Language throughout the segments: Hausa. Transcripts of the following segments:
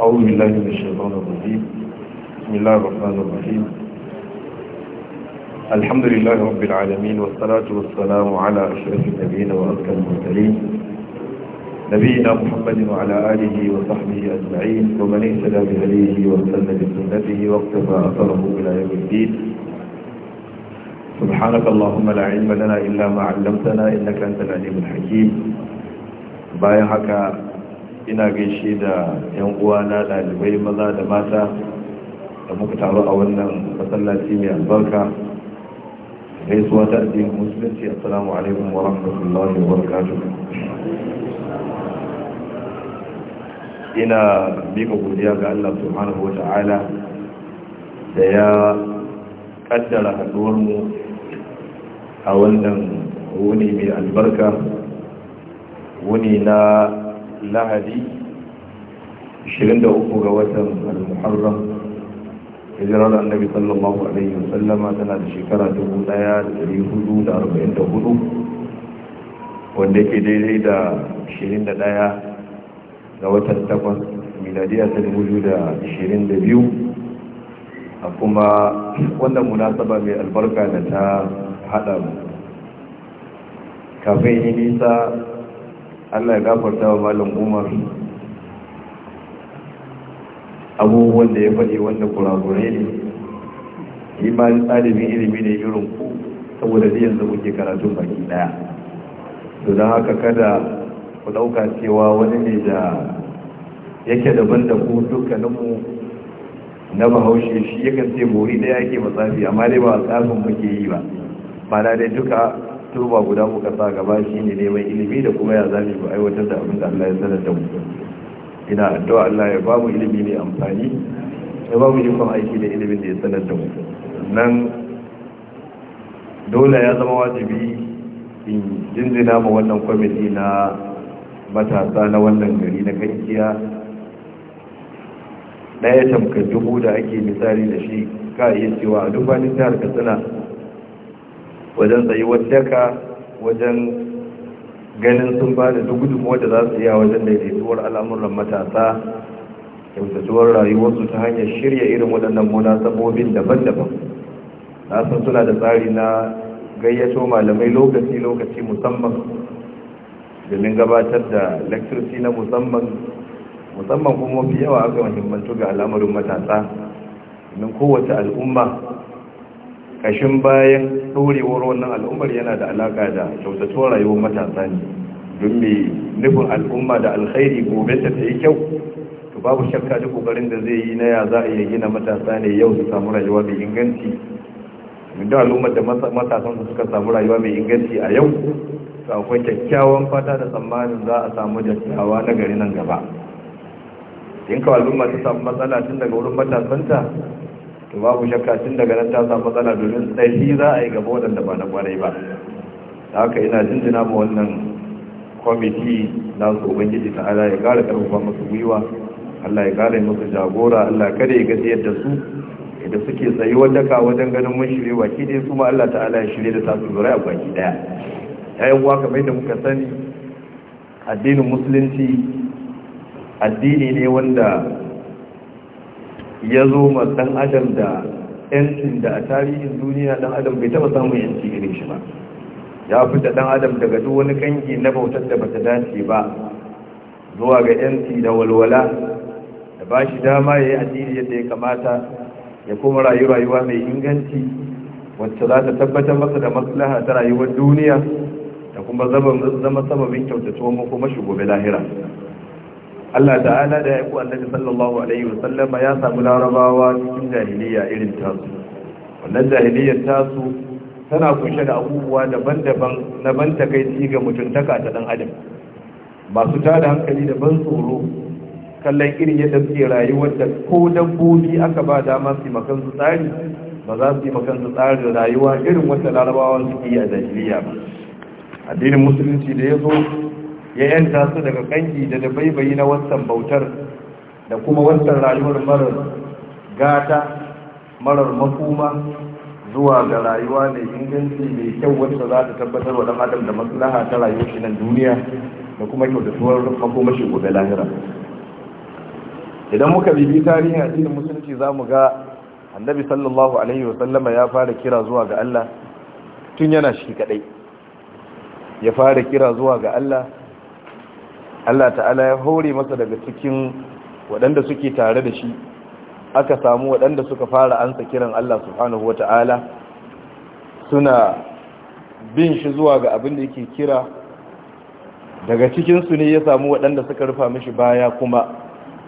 أعوذ بالله من الشيطان الرجيم بسم الله الرحمن الرحيم الحمد لله رب العالمين والصلاة والسلام على أشرف النبيين وأزكى المرسلين نبينا محمد وعلى آله وصحبه أجمعين ومن اهتدى بهديه واستنى بسنته واقتفى أثره إلى يوم الدين سبحانك اللهم لا علم لنا إلا ما علمتنا إنك أنت العليم الحكيم بايعك ina gaishe da 'yan uwana na ɗalibai maza da mata da muka taru a wannan masallaci mai albarka gaisuwa ta addinin musulunci assalamu alaikum wa rahmatullahi wa barakatu ina mika godiya ga Allah subhanahu wata'ala da ya kaddara haɗuwar mu a wannan wuni mai albarka wuni na lahadi 23 ga watan al-muharram hijirar annabi sallallahu alaihi wasallama tana da shekara 1444 wanda ke daidai da 21 ga watan 8 miladiya ta 2022 a kuma wannan munasaba mai albarka da ta haɗa kafin yi nisa allah ya gafarta wa malam umar abubuwan da ya faɗi wanda kurakure ne imanin ɗalibin ilimi ne irin ku saboda zai yanzu muke karatu baki ɗaya to don haka kada ku ɗauka cewa wani ne da yake daban da ku dukkaninmu na bahaushe shi yakan ce mori ɗaya ake matsafi amma dai ba tsafin muke yi ba ba dai duka turba guda muka sa gaba shi ne neman ilimi da kuma ya zami mu aiwatar da abin da Allah ya sanar da mu ina addu'a Allah ya ba mu ilimi ne amfani ya ba mu ikon aiki da ilimin da ya sanar da mu nan dole ya zama wajibi in jinjina ma wannan kwamiti na matasa na wannan gari na kankiya ɗaya tamkar dubu da ake misali da shi ka iya cewa a duk bayan jihar katsina wajen tsayuwar daka wajen ganin sun ba da duk gudunmuwa da za su yi a wajen daidaituwar al'amuran matasa kyautatuwar rayuwarsu ta hanyar shirya irin waɗannan sabobin daban-daban na san suna da tsari na gayyato malamai lokaci-lokaci musamman domin gabatar da lakcirci na musamman musamman kuma fi yawa aka mahimmantu ga al'amarin matasa domin kowace al'umma kashin bayan ɗorewar wannan al'ummar yana da alaƙa da kyautatuwar rayuwar matasa ne don mai nufin al'umma da alkhairi gobe ta ta yi kyau to babu shakka da kokarin da zai yi na ya za a gina matasa ne yau su samu rayuwa mai inganci da al'ummar da matasan su suka samu rayuwa mai inganci a yau su akwai kyakkyawan fata da tsammanin za a samu dattawa na gari nan gaba in ka al'umma ta samu matsala tun daga wurin matasanta to babu shakka tun daga nan ta samu matsala domin tsayi za a yi gaba waɗanda ba na kwarai ba da haka ina jinjina ma wannan kwamiti na su ubangiji ta ala ya ƙara ƙarfafa masu gwiwa allah ya ƙara yi masu jagora allah kada ya gaji yadda su idan suke tsayi ka wajen ganin mun shirye waki ɗaya su ma allah ta'ala ya shirye da tasu zura a baki ɗaya ƴaƴan uwa kamar da muka sani addinin musulunci addini ne wanda ya zo ma dan adam da yancin da a tarihin duniya dan adam bai taba samun yanci irin shi ba ya fita dan adam daga duk wani kangi na bautar da bata dace ba zuwa ga yanci da walwala da ba shi dama ya yi addini yadda ya kamata ya kuma rayu rayuwa mai inganci wacce za ta tabbatar masa da maslaha ta rayuwar duniya da kuma zama sababin kyautatuwa kuma gobe lahira Allah ta'ala da ya ku annabi sallallahu alaihi sallama ya samu larabawa cikin jahiliya irin tasu wannan jahiliyar tasu tana kunshe da abubuwa daban-daban na ban takaici ga mutuntaka ta dan adam masu tada hankali da ban tsoro kallon irin yadda suke rayuwar da ko dabbobi aka ba dama su makan su tsari ba za su yi makan su tsarin rayuwa irin wata larabawa suke yi a jahiliya ba addinin musulunci da ya zo ya yanta su daga kanki da dabaibayi na wancan bautar da kuma wancan rayuwar marar gata marar makuma zuwa ga rayuwa mai inganci mai kyau wacce za ta tabbatar wa adam da maslaha ta rayuwar shi nan duniya da kuma kyau da kyautatuwar makomashi gobe lahira idan muka bibi tarihin addinin musulunci za mu ga annabi sallallahu alaihi wasallama ya fara kira zuwa ga Allah tun yana shi kadai ya fara kira zuwa ga Allah Allah ta'ala ya hore masa daga cikin waɗanda suke tare da shi aka samu waɗanda suka fara ansa kiran Allah subhanahu wa ta'ala suna bin shi zuwa ga abin da yake kira daga cikinsu ne ya samu waɗanda suka rufa mishi baya kuma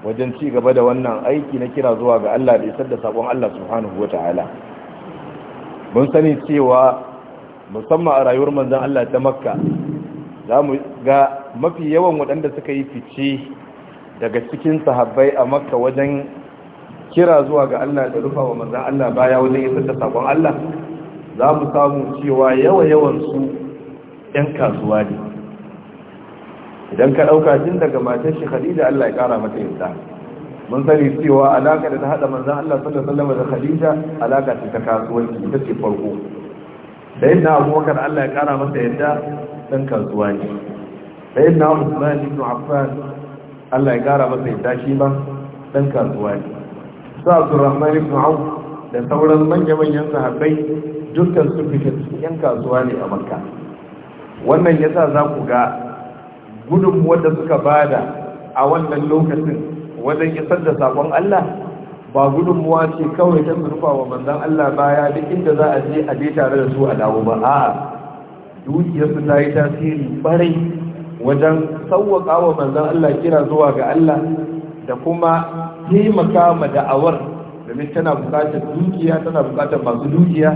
wajen ci gaba da wannan aiki na kira zuwa ga Allah da isar da sabon Allah subhanahu wa ta'ala mun sani cewa musamman a rayuwar manzan Allah ta makka za mu ga mafi yawan waɗanda suka yi fice daga cikin sahabbai a makka wajen kira zuwa ga Allah da rufa wa manzan Allah baya wajen yi da sabon Allah za mu samu cewa yawa-yawan su 'yan kasuwa ne idan ka ɗauka jin daga matan shi khadija Allah ya ƙara mata yadda mun sani cewa alaka da ta haɗa manzan Allah sallallahu da khadija alaka ce ta kasuwanci ita ce farko da yadda abubakar Allah ya ƙara masa yadda ɗan kasuwa ne sai na Usman ibn Affan Allah ya gara masa yadda shi ba dan kasuwa ne sa Abdurrahman ibn Auf da sauran manya-manyan sahabbai dukkan su fita yan kasuwa ne a Makka wannan yasa za ku ga gudun wanda suka bada a wannan lokacin wajen isar da sakon Allah ba muwa ce kawai ta zurfa wa manzan Allah baya duk inda za a je a je tare da su a dawo ba a dukiyarsu ta yi tasiri barai wajen sauwaka wa manzan Allah kira zuwa ga Allah da kuma taimaka ma da'awar domin tana bukatar dukiya tana bukatar masu dukiya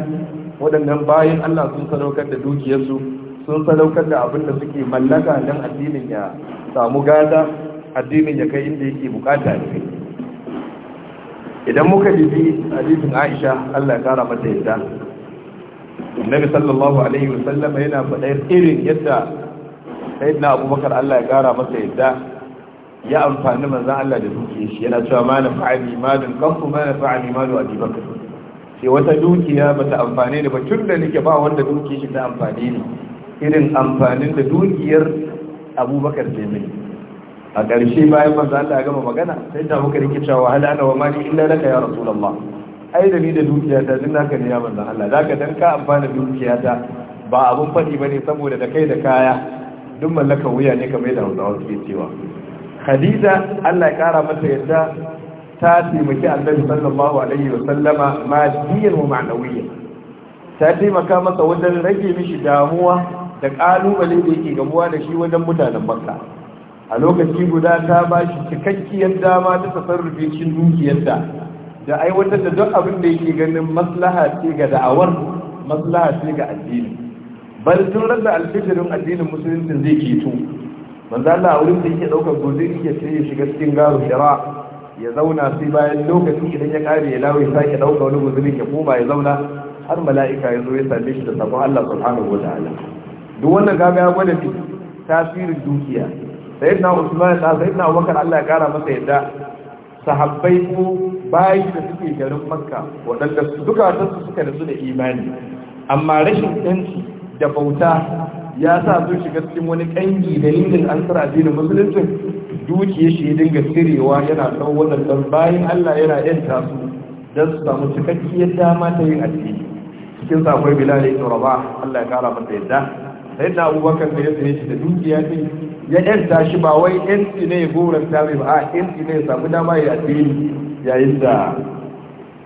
waɗannan bayan Allah sun sadaukar da dukiyarsu sun sadaukar da abin da suke mallaka don addinin ya samu gada addinin ya kai inda yake bukata ya idan muka bibi hadisin Aisha Allah ya kara mata yadda Annabi sallallahu alaihi wasallam yana faɗa irin yadda na abubakar Allah ya kara masa yadda ya amfani manzan Allah da dukiya shi yana cewa ma na fa’a limanin kanku ma na fa’a malu abi bakar sai wata dukiya ba ta amfani ne ba tun da nake ba wanda dukiya shi ta amfani ne irin amfanin da dukiyar abubakar ce mai a ƙarshe bayan manzon Allah ya gama magana sai ta abubakar yake cewa wahala na wa mali illa laka ya rasulallah ai da ni da dukiya ta duk naka ne ya manzan Allah zaka dan ka amfana dukiya ta ba abun faɗi bane saboda da kai da kaya duk mallakan wuya ne kamar yadda hausawa suke cewa khadija allah ya kara mata yadda ta taimaki annabi sallallahu alaihi wa sallama madiyan wa ma'nawiyya ta taimaka masa wajen rage mishi damuwa da kalubale da yake gamuwa da shi wajen mutanen makka a lokaci guda ta ba shi cikakkiyar dama ta tasarrufe cikin dukiyarta da aiwatar da duk abin da yake ganin maslaha ce ga da'awar maslaha ce ga addini bari tun rasa alfitirin addinin musulunci zai tu manzo Allah a wurin da yake daukar gobe yake sai ya shiga cikin garu shara ya zauna sai bayan lokaci idan ya kare ya lawo ya sake dauka wani guzuri ya koma ya zauna har mala'ika ya zo ya same shi da sabon Allah subhanahu wataala duk wannan gaga ya gwada fi tasirin dukiya sayyidina Usman da sayyidina Abubakar Allah ya kara masa yadda sahabbai ko bayi da suke garin Makka waɗanda duka su suka da su da imani amma rashin yanci da bauta ya sa sun shiga cikin wani kangi dalilin an tsara addinin musulunci dukiya shi dinga tsirewa yana tsawon wannan dan bayan Allah yana yanta tasu dan su samu cikakkiyar dama ta yin addini cikin sakwai akwai Bilal ibn Rabah Allah ya kara masa yadda sai da Abubakar da ya tsaye da dukiya ne ya yanta tashi ba wai yanci ne ya goran ba a yanci ne ya samu dama ya addini yayin da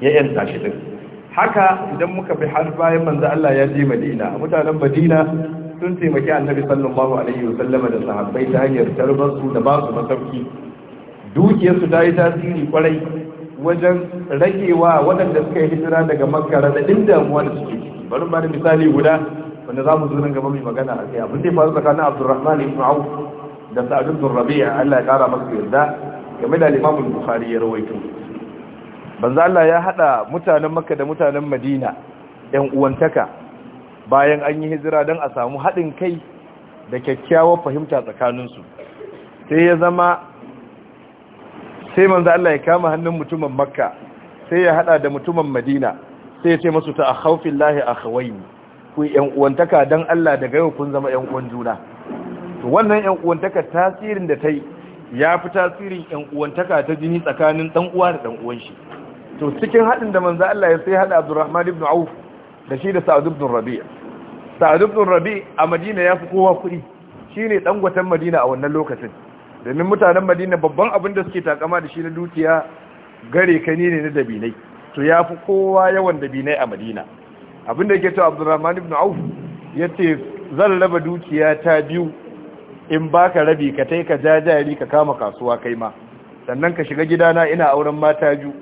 ya yanta shi din haka idan muka bi har bayan manzo Allah ya je Madina mutanen Madina sun taimaki annabi sallallahu alaihi wasallama da sahabbai ta hanyar tarbarsu da ba su masauki dukiyarsu ta yi tasiri kwarai wajen ragewa waɗanda suka yi hijira daga makka raɗaɗin damuwa da suke ciki bari ba da misali guda wanda za mu zo nan gaba mai magana a kai abin da ya faru tsakanin abdurrahman ibn auf da sa'ad ibn rabi'a Allah ya kara masa yarda game da al-imam bukhari ya rawaito banza Allah ya hada mutanen makka da mutanen madina yan uwantaka bayan an yi hijira don a samu haɗin kai da kyakkyawar fahimta tsakaninsu sai ya zama sai manzo Allah ya kama hannun mutumin makka sai ya hada da mutumin madina sai ya ce masu ta akhawfillahi akhawaini ku yan uwantaka dan Allah daga yau kun zama yan uwan juna wannan yan uwantaka tasirin da ta yi ya fi tasirin yan uwantaka ta jini tsakanin dan uwa da dan uwan shi to cikin haɗin da manzo Allah ya sai haɗa Abdurrahman ibn Auf da shi da Sa'ad ibn Rabi'a Sa'ad ibn Rabi' a Madina ya fi kowa kuɗi shine gwatan Madina a wannan lokacin domin mutanen Madina babban abin da suke takama da shi na dukiya gare kani ne na dabinai to ya fi kowa yawan dabinai a Madina abin da yake to Abdurrahman ibn Auf yace zan raba dukiya ta biyu in baka rabi ka tai ka jajari ka kama kasuwa kai ma sannan ka shiga gidana ina auren mata biyu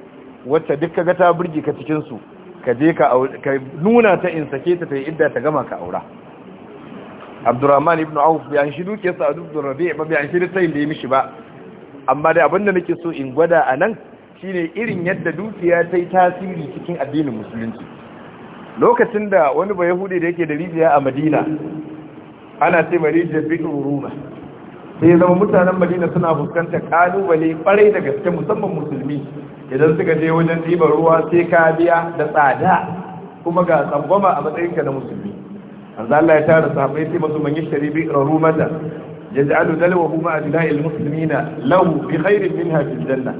wacce duk kaga ta burge ka cikin su ka je ka nuna ta in sake ta ta yi idda ta gama ka aura abdurrahman ibn auf bai shi dukiyarsa a duk rabi ba bai shi tayin da ya mishi ba amma dai abin da nake so in gwada anan, shine irin yadda dukiya ta yi tasiri cikin addinin musulunci lokacin da wani ba yahudi da yake da rijiya a madina ana ce marijiyar bikin ruma sai zama mutanen madina suna fuskantar kalubale kwarai da gaske musamman musulmi idan suka je wajen ɗiban ruwa sai ka biya da tsada kuma ga tsangwama a matsayinka na musulmi manzo Allah ya tara sahabbai sai masu man yashtari bi rarumata yaj'alu a ma musulmi muslimina lahu bi khairin minha fil janna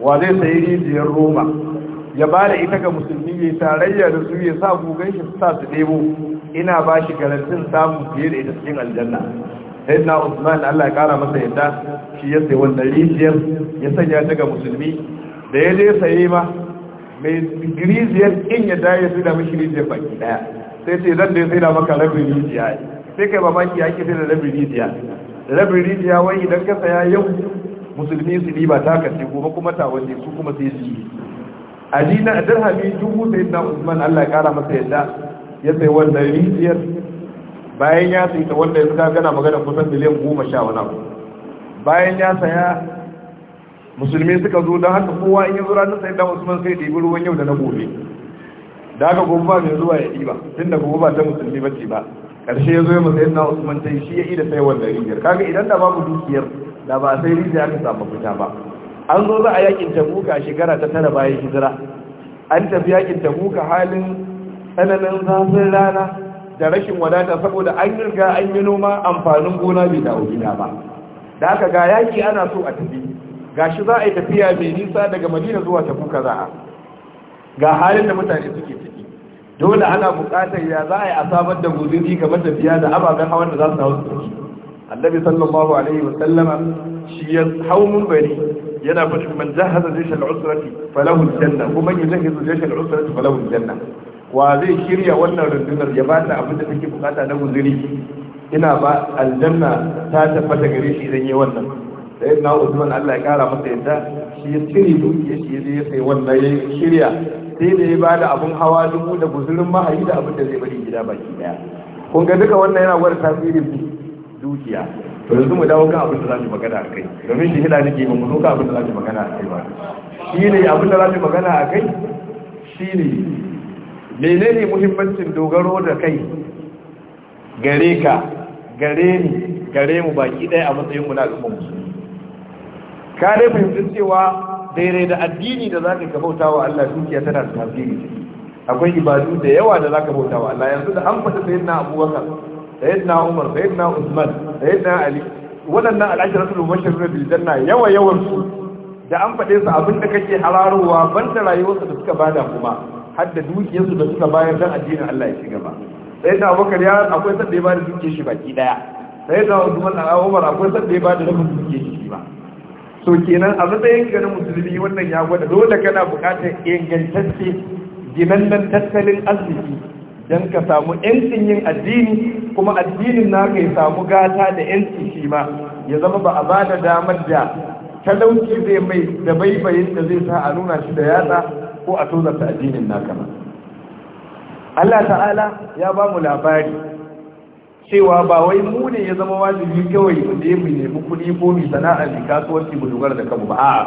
wa zai sayi rijiyar roma ya ba da ita ga musulmi ya tarayya da su ya sa gugan shi sa su ɗebo ina ba shi garantin samun fiye da ita cikin aljanna sai na usman allah ya kara masa yadda shi ya sai wannan rijiyar ya sanya ta ga musulmi da ya je saye ma mai rijiyar in ya daya ya da mashi rijiyar baki daya sai ce zan da ya sai da maka rabin rijiya sai kai mamaki ya ke sai da rabin rijiya rabin rijiya wai idan ka saya yau musulmi su riba ta kashe gobe kuma ta wani su kuma sai su yi ajina dirhami dubu sai na usman Allah ya kara masa yadda ya sai wannan rijiyar bayan ya sai ta wanda ya suka gana magana kusan miliyan goma sha wani abu bayan ya saya musulmi suka zo don haka kowa in yi zura na sai da usman sai ɗibi ruwan yau da na gobe da aka gobe ba mai zuwa ya ɗiba tun da gobe ba ta musulmi ba ce ba ƙarshe ya zo ya matsayin na usman sai shi ya yi da sai wanda rijiyar kaga idan da babu dukiyar da ba sai rijiya aka samu fita ba an zo za a yakin tabuka shekara ta tara bayan hijira an tafi yakin tabuka halin tsananin zafin rana da rashin wadata saboda an riga an yi noma amfanin gona bai dawo gida ba da aka ga yaki ana so a tafi gashi za a yi tafiya mai nisa daga madina zuwa tabuka za a ga halin da mutane suke ciki dole ana buƙatar ya za a yi a sabar da guzuri ga matafiya da ababen hawan da za su hau su annabi sallallahu alaihi wa sallama shi ya hau bari yana faɗin man jahaza jishal usrati falahu janna kuma man yujahizu jishal usrati falahu janna wa zai shirya wannan rundunar ya ba ta abin da take bukata na guzuri ina ba aljanna ta tabbata gare shi idan yi wannan sai na usman allah ya kara masa yadda shi ya tsiri dukiya shi ya sai wannan ya shirya sai da ya bada abun hawa dubu da guzurin mahayi da abin da zai bari gida baki daya kun ga duka wannan yana gwada tasirin dukiya to yanzu mu dawo kan abin da za mu magana a kai domin shi hida nake mu zo kan abin da za mu magana a kai ba shi ne abin da za mu magana a kai shi ne menene muhimmancin dogaro da kai gare ka gare ni gare mu baki ɗaya a matsayin mu na al'umma musulmi ka dai fahimci cewa daidai da addini da za ka bauta wa Allah dukiya tana da tasiri akwai ibadu da yawa da za ka bauta wa Allah yanzu da an faɗi sayyidina Abubakar sayyidina Umar sayyidina Usman sayyidina Ali waɗannan al'ashiratul mubashirun bil janna yawa yawan su da an faɗe su abin da kake hararowa ban da rayuwarsa da suka bada kuma har da dukiyarsu da suka bayar dan addinin Allah ya ci gaba sai da Abubakar ya akwai sanda ya bada dukiyarsa baki daya sai da Umar akwai sanda ya bada dukiyarsa baki shi so kenan a matsayin garin musulmi wannan ya gwada dole kana bukatar ingantacce ginannen tattalin arziki don ka samu yancin yin addini kuma addinin na ya samu gata da yanci shi ma ya zama ba a ba da damar da talauci zai mai da baibayin da zai sa a nuna shi da yatsa ko a tozarta addinin naka kama. Allah ta'ala ya ba mu labari cewa ba wai mu ne ya zama wajibi kawai mu je mu nemi kuɗi ko mu sana'a mu kasuwanci mu dogara da kanmu ba a'a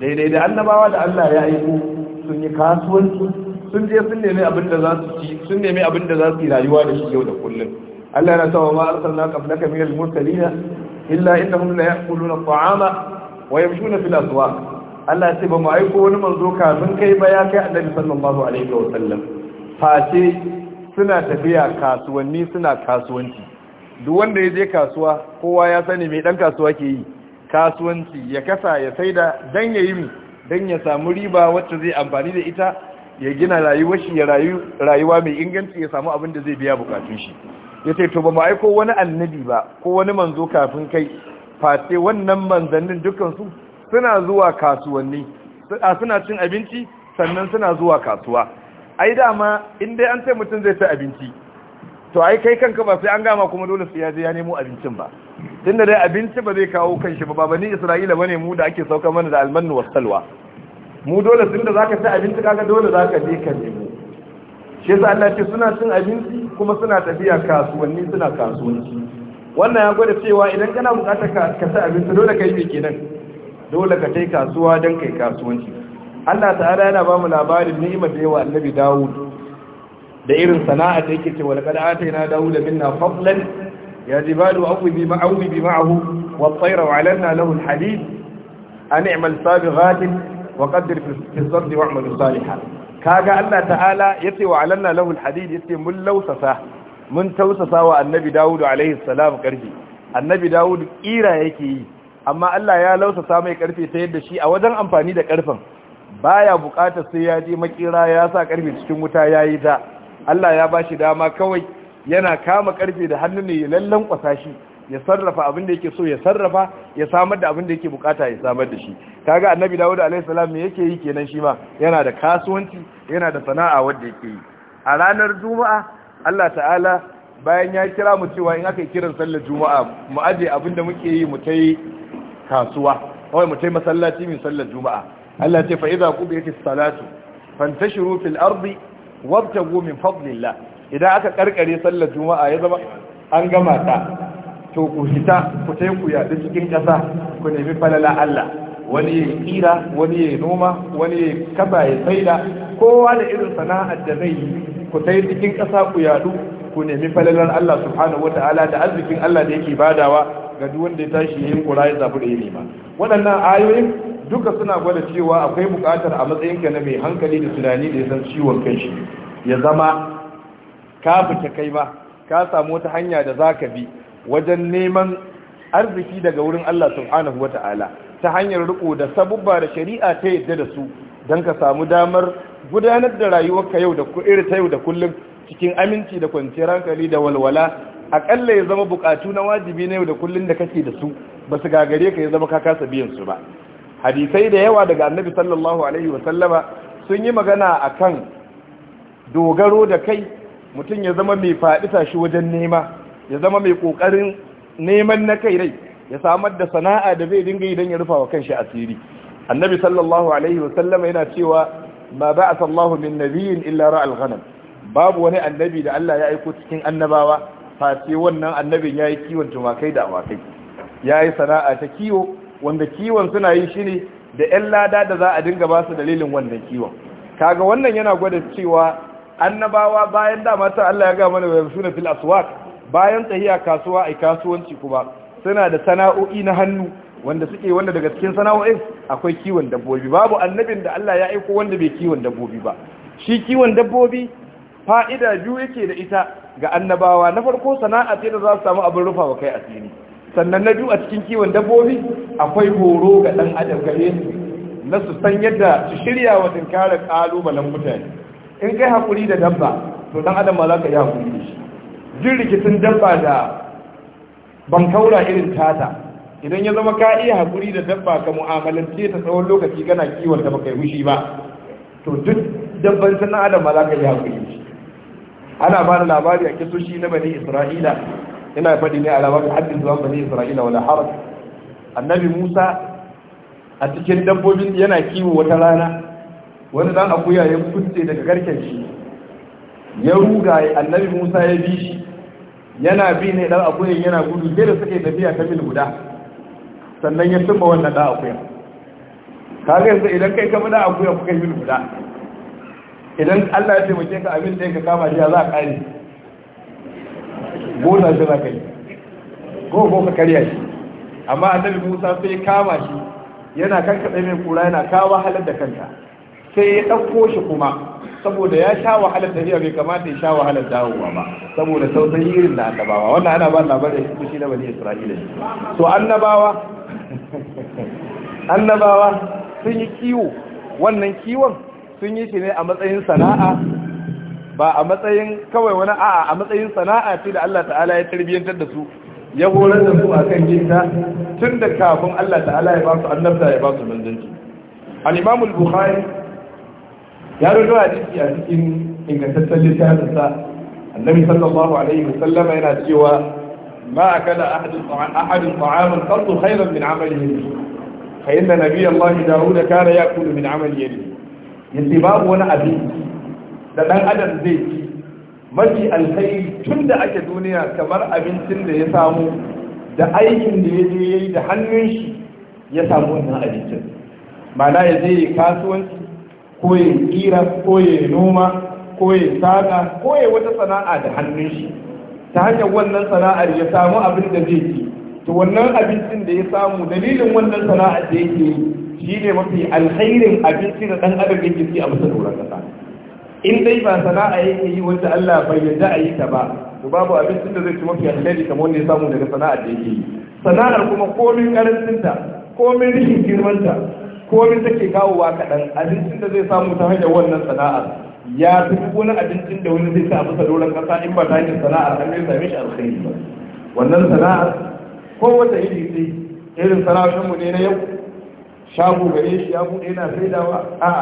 daidai da annabawa da Allah ya ku sun yi kasuwanci sun je sun nemi abin da za su ci sun nemi abin da za su yi rayuwa da shi yau da kullum Allah yana cewa ma arsalna qablaka min al mursalina illa innahum la ya'kuluna at-ta'ama wa yamshuna fil aswaq Allah ya ce ba mu aiko wani manzo kafin kai ba ya kai annabi sallallahu alaihi wa sallam ce suna tafiya kasuwanni suna kasuwanci duk wanda ya je kasuwa kowa ya sani mai dan kasuwa ke yi kasuwanci ya kasa ya saida dan ya yi dan ya samu riba wacce zai amfani da ita ya gina rayuwar shi ya rayu rayuwa mai inganci ya samu abin da zai biya bukatun shi yace to ba mu aiko wani annabi ba ko wani manzo kafin kai face wannan manzannin dukkan su suna zuwa kasuwanni suna cin abinci sannan suna zuwa kasuwa ai dama in dai an ce mutum zai ci abinci to ai kai kanka ba sai an gama kuma dole sai ya je ya nemo abincin ba tunda dai abinci ba zai kawo kanshi ba ba Isra'ila bane mu da ake sauka mana da almanu was salwa mu dole da zaka ci abinci kaga dole zaka je ka nemo shi yasa Allah ce suna cin abinci kuma suna tafiya kasuwanni suna kasuwanci wannan ya gwada cewa idan kana bukatar ka ci abinci dole kai me kenan dole ka kai kasuwa dan kai kasuwanci Allah ta'ala yana ba mu labarin ni'imar da yawa annabi Dawud da irin sana'a da yake cewa laqad atayna Dawuda minna fadlan ya jibalu awbi ma'awi bi ma'ahu wa at-tayra 'alanna lahu al-hadid an i'mal sabighatin wa qaddir fi as-sardi wa'mal salihan kaga Allah ta'ala yace wa 'alanna lahu al-hadid yace mun lausasa mun tausasa wa annabi Dawud alaihi salam karfi annabi Dawud kira yake yi amma Allah ya lausasa mai karfi ta yadda shi a wajen amfani da karfin baya bukatar sai ya je makera ya sa karfe cikin wuta yayi da Allah ya bashi dama kawai yana kama karfe da hannu ne ya lallan kwasa shi ya sarrafa abin da yake so ya sarrafa ya samar da abin da yake bukata ya samar da shi kaga annabi Dawud alaihi salam me yake yi kenan shi ma yana da kasuwanci yana da sana'a wanda yake yi a ranar juma'a Allah ta'ala bayan ya kira mu cewa in aka yi kiran sallar juma'a mu aje abin da muke yi mu tai kasuwa kawai mu tai masallaci min sallar juma'a Allah ce fa idza qudiyatis salatu fantashiru arzi ardi gomin min fadlillah idan aka karkare sallar juma'a ya zama an gama ta to ku shita ku tayi ku yaɗu cikin ƙasa ku nemi falala Allah wani ya kira wani ya noma wani ya kaba ya saida kowa da irin sana'ar da zai yi ku sai cikin ƙasa ku yaɗu ku nemi falalar Allah subhanahu wata'ala da arzikin Allah da yake badawa ga duk wanda ya tashi yin kura ya zafi da nema waɗannan ayoyin duka suna gwada cewa akwai buƙatar a matsayin ka na mai hankali da tunani da ya san ciwon kai shi ya zama ka fita kai ma ka samu wata hanya da za ka bi wajen neman arziki daga wurin Allah subhanahu wa ta'ala ta hanyar riko da sabubba da shari'a ta yadda da su don ka samu damar gudanar da rayuwarka yau da irin ta yau da kullum cikin aminci da kwanciyar hankali da walwala akalla ya zama bukatu na wajibi na yau da kullun da kake da su ba su gagare ka ya zama ka kasa biyan su ba hadisai da yawa daga annabi sallallahu alaihi wa sallama sun yi magana akan dogaro da kai mutum ya zama mai faɗi shi wajen nema ya zama mai kokarin neman na kai rai ya samar da sana'a da zai dinga idan ya rufa wa kanshi asiri annabi sallallahu alaihi wa sallama yana cewa ma ba'atha Allahu min nabiyyin illa ra'al ghanam babu wani annabi da Allah ya aiko cikin annabawa face wannan annabin ya yi kiwon tumakai da awakai ya yi sana'a ta kiwo wanda kiwon suna yi shi ne da 'yan lada da za a dinga ba su dalilin wannan kiwon kaga wannan yana gwada cewa annabawa bayan dama ta Allah ya ga mana wa suna fil aswaq bayan tahiya kasuwa ai kasuwanci kuma suna da sana'o'i na hannu wanda suke wanda daga cikin sana'o'in akwai kiwon dabbobi babu annabin da Allah ya aiko wanda bai kiwon dabbobi ba shi kiwon dabbobi fa'ida biyu yake da ita ga annabawa na farko sana'a ce da za su samu abin rufa wa kai asiri sannan na biyu a cikin kiwon dabbobi akwai horo ga dan adam gare su na su san yadda su shirya wa tinkara kalubalen mutane in kai hakuri da dabba to dan adam ba za ka yi hakuri da shi jin rikicin dabba da ban kaura irin tata idan ya zama ka iya hakuri da dabba ka mu'amalance ta tsawon lokaci kana kiwon da baka yi ba to duk dabban sana'a da ba za ka yi hakuri da shi ana ba da labari a kisoshi na bani isra'ila yana faɗi ne a labarin haddin zuwa bani isra'ila wani haras annabi musa a cikin dabbobin yana kiwo wata rana wani dan akuya ya kutse daga garken shi ya ruga annabi musa ya bi shi yana bi ne dan akuyan yana gudu sai da suka yi tafiya ta mil guda sannan ya tumba wannan dan akuyan kaga yanzu idan kai ka bi dan akuyan kuka yi mil guda idan Allah ya taimake ka abin da ya kama shi za a kare gona shi za ka yi ko ka karya shi amma annabi Musa sai ya kama shi yana kan kaɗai mai kura yana kawo wahalar da kanka sai ya ɗauko shi kuma saboda ya sha wahalar tafiya bai kamata ya sha wahalar dawowa ba saboda sautan irin da annabawa wannan ana ba labarin shi na bani isra'ila to annabawa annabawa sun yi kiwo wannan kiwon sun yi shi ne a matsayin sana'a ba a matsayin kawai wani a'a a matsayin sana'a ce da Allah ta'ala ya tarbiyyantar da su ya horar da su akan jinta tun da kafin Allah ta'ala ya ba su annabta ya ba su manzanci al-Imam al-Bukhari ya rubuta hadisi a cikin ingantaccen littafin sa annabi sallallahu alaihi wasallam yana cewa ma akala ahad ahad ta'aman qattu khayran min amalihi fa yadda nabiyya Allah Dawud kana ya'kulu min amali yadihi Yanzu babu wani abinci da dan adam zai ci mafi alkai tun da ake duniya kamar abincin da ya samu da aikin da ya je yi da hannun shi ya samu wannan abincin mana ya je ya kasuwanci ko ya tsira ko ya noma ko ya saka ko ya wata sana'a da hannun shi ta hanyar wannan sana'ar ya samu abin da zai ci to wannan abincin da ya samu dalilin wannan sana'ar da yake shi ne mafi alkhairin abinci da ɗan adam yake ci a masa doron kasa in dai ba sana'a yake yi wanda Allah bai yarda a yi ta ba to babu abincin da zai ci mafi alkhairi kamar wanda ya samu daga sana'ar da yake yi sana'ar kuma komin karancinta komin rikin girmanta komin take wa kaɗan abincin da zai samu ta hanyar wannan sana'ar ya fi wani abincin da wani zai sa masa doron kasa in ba ta hanyar sana'ar an zai same shi alkhairi ba wannan sana'ar kowace iri ce irin sana'ar mu ne na yau shago gare shi ya bude yana saidawa a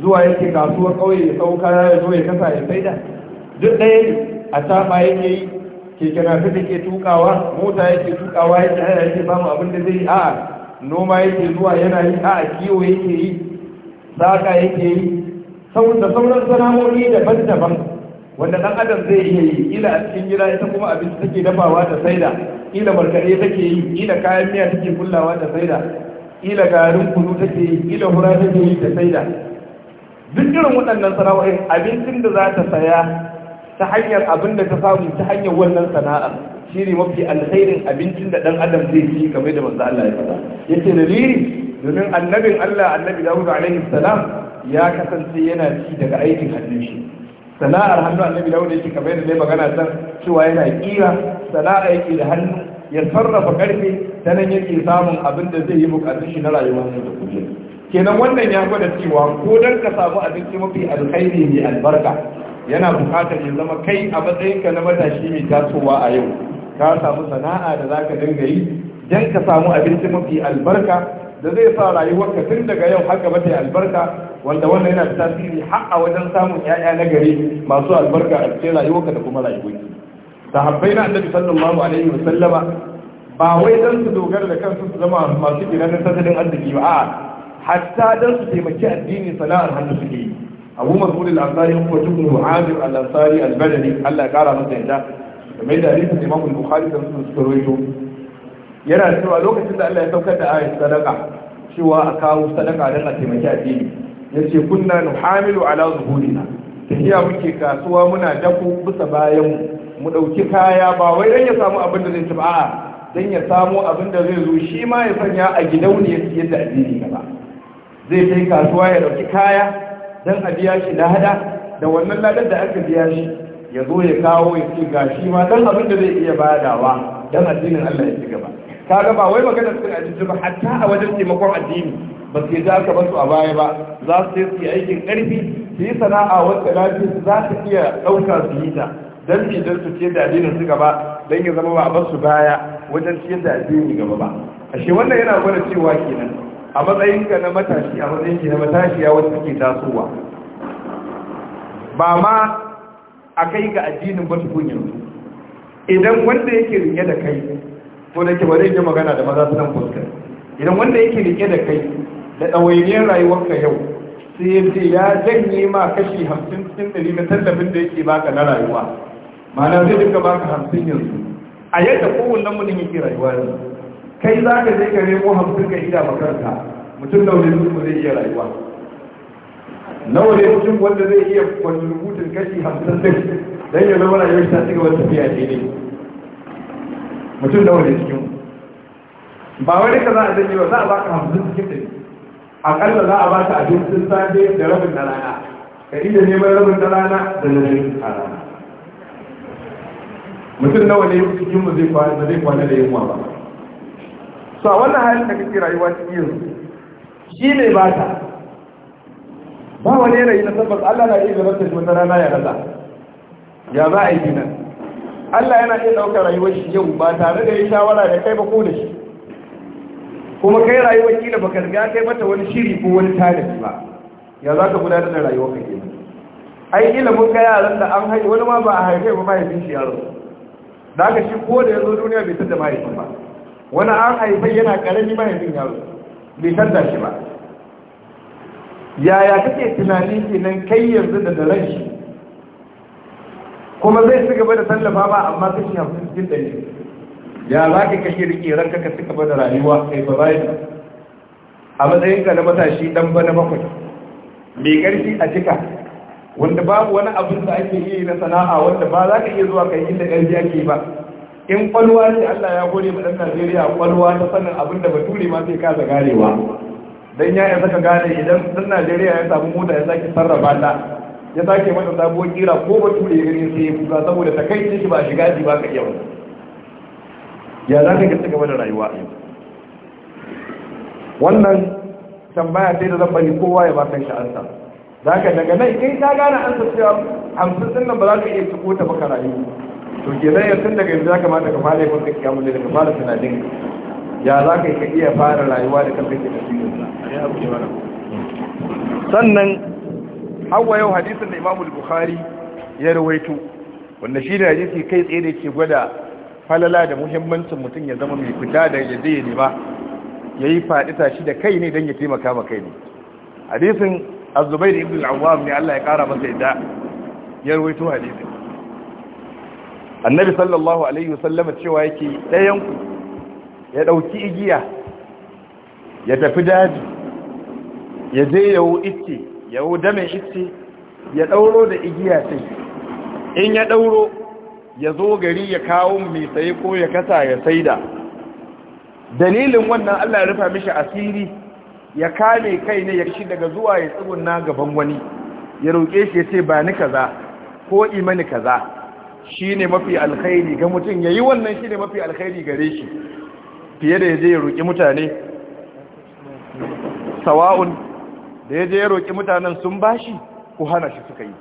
zuwa yake kasuwar kauye ya sau kaya ya zo ya kasa ya saida duk ɗaya a saba yake yi keke na da ke tukawa mota yake tukawa ya tsaya yake samu abin da zai yi a noma yake zuwa yana yi a kiwo yake yi saka yake yi saboda sauran sana'o'i daban-daban wanda ɗan adam zai iya yi ila a cikin gida ita kuma abinci take dafawa ta saida ila markaɗe take yi ila kayan miya take kullawa ta saida ila garin kudu take yi ila hura take yi ta saida duk irin waɗannan sana'o'in abincin da za ta saya ta hanyar abin da ta samu ta hanyar wannan sana'a shi mafi alkhairin abincin da ɗan adam zai ci kamar da manzo Allah ya faɗa yace dalili domin annabin Allah annabi Dawud alaihi salam ya kasance yana ci daga aikin hannun shi sana'ar hannu annabi Dawud yake kamar da dai magana san cewa yana kira sana'a yake da hannu ya sarrafa karfe ta nan yake samun abin da zai yi bukatun shi na rayuwar mu da kullum kenan wannan ya gwada cewa ko dan ka samu abinci mafi alkhairi mai albarka yana bukatar ya zama kai a matsayinka na matashi mai tasowa a yau ka samu sana'a da zaka dinga yi dan ka samu abinci mafi albarka da zai sa rayuwarka tun daga yau haka yi albarka wanda wannan yana da tasiri har a wajen samun 'ya'ya na gari masu albarka a cikin rayuwarka da kuma rayuwarki sahabbai na annabi sallallahu alaihi wa sallama ba wai dan su dogara da kansu su zama masu ginanin tattalin arziki ba a hatta dan su taimaki addini sana'ar hannu suke yi abu mas'ud al-ansari ko tubnu amir al-ansari al-badri Allah ya kara masa yadda kamar da hadisin Imam al-Bukhari da Muslim suka rawaito yana cewa lokacin da Allah ya saukar da ayat sadaka cewa a kawo sadaka dan a taimaki addini Ya ce kunna nuhamilu ala zuhurina tafiya muke kasuwa muna dako bisa bayan mu mu ɗauki kaya ba wai don ya samu abin da zai ci ba a don ya samu abin da zai zo shi ma ya sanya a gidauniyar yadda addini gaba zai kai kasuwa ya ɗauki kaya don a biya shi lada da wannan ladar da aka biya shi ya zo ya kawo ya ci ga shi ma don abin da zai iya badawa don addinin Allah ya ci gaba kaga ba wai magana cikin addini ba hatta a wajen taimakon addini ba su za ka basu a baya ba za su yi aikin ƙarfi su yi sana'a wacce lafiya za ta iya ɗauka su yi ta dan me dan su ciyar da addinin su gaba dan ya zama ba a basu baya wajen ciyar da addini gaba ba ashe wannan yana gwada cewa kenan a matsayin ka na matashi a matsayin ki na matashiya wata take tasowa ba ma a kai ga addinin ba tukun yanzu idan wanda yake rike da kai ko da ke ba zai magana da maza su nan fuskar idan wanda yake rike da kai da ɗawainiyar rayuwarka yau sai ya ce ya janye ma kashi hamsin cikin ɗari na tallafin da yake baka na rayuwa ma'ana zai ba baka hamsin yanzu a yadda kowanne mutum yake rayuwa ne kai za ka je ka nemo hamsin ka ida makaranta mutum nawa ne mutum zai iya rayuwa nawa ne mutum wanda zai iya rubutun kashi hamsin ɗin, don ya zama rayuwar ta ci gaba tafiya ne? mutum nawa ne cikin ba wani ka za a janye ba za a baka hamsin cikin ɗari akalla za a ba ta abincin safe da rabin da rana ka iya neman rabin da rana da na rabin na rana mutum nawa ne cikin mu zai kwana da zai kwana da yunwa ba so a wannan halin da kake rayuwa cikin yanzu shi ne ba ta ba wani yanayi na tabbas Allah na iya gabatar shi wata rana ya rasa ya za a yi nan Allah yana iya ɗaukar rayuwar shi yau ba tare da ya shawara da kai ba ko da shi kuma kai rayuwar kila ka riga kai mata wani shiri ko wani tanadi ba ya za ka gudanar da rayuwar ka kenan ai mun ga yaran da an haihu wani ma ba a haife ba bin shi yaro da aka shi ko da ya zo duniya bai tadda mahaifin ba wani an haifai yana karami mahaifin yaro bai tadda shi ba yaya kake tunani kenan kai yanzu da da shi kuma zai ci gaba da tallafa ba amma shi hamsin cikin ɗari ya za ka kashe rike ranka ka su gaba da rayuwa kai ba bayan a matsayinka na matashi dan bana bakwai mai karfi a jika wanda babu wani abin da ake yi na sana'a wanda ba za ka iya zuwa kai inda ƙarfi ake ba in kwalwa ce Allah ya gode mu dan Najeriya kwalwa ta sanin abin da bature ma sai kasa garewa. dan ya saka gane idan dan Najeriya ya samu mota ya sake sarrafa ta ya sake mata sabuwar kira ko bature ya gani sai ya kusa saboda ta kai shi ba shiga ji ba ka iya ba ya za ka kace gaba da rayuwa wannan tambaya sai da zan bari kowa ya ba kan sha'ansa za ka daga nan in ka gane an cewa hamsin din nan ba za ka iya ciko ta baka rayu to ke nan yanzu daga yanzu ya kamata ka fara yin kanka kiyamun da fara tunanin ya za ka iya fara rayuwa da kanka ke tasirin sannan hawa yau hadisin da imamu bukhari ya rawaito wanda shi da hadisi kai tsaye da ke gwada falala da muhimmancin mutum ya zama mai fita da ya je ya nema ya yi faɗi tashi da kai ne don ya taimaka ma kai ne hadisin A zubair ibn al ne Allah ya kara masa yadda ya rawaito hadisi annabi sallallahu alaihi wasallam cewa yake dayan ku ya dauki igiya ya tafi daji ya je yawo itti yawo damin itti ya dauro da igiya sai in ya dauro ya zo gari ya kawo mai sayi, ko ya kasa ya saida dalilin wannan Allah ya rufa mishi asiri ya kame kai ne ya shi daga zuwa ya tsugunna gaban wani ya roƙe shi ya ce ba ni kaza ko imani kaza shi ne mafi alkhairi ga mutum ya yi wannan shi ne mafi alkhairi gare shi fiye da ya je ya roƙi mutane sawa'un da ya je ya roƙi mutanen sun bashi ko hana shi suka yi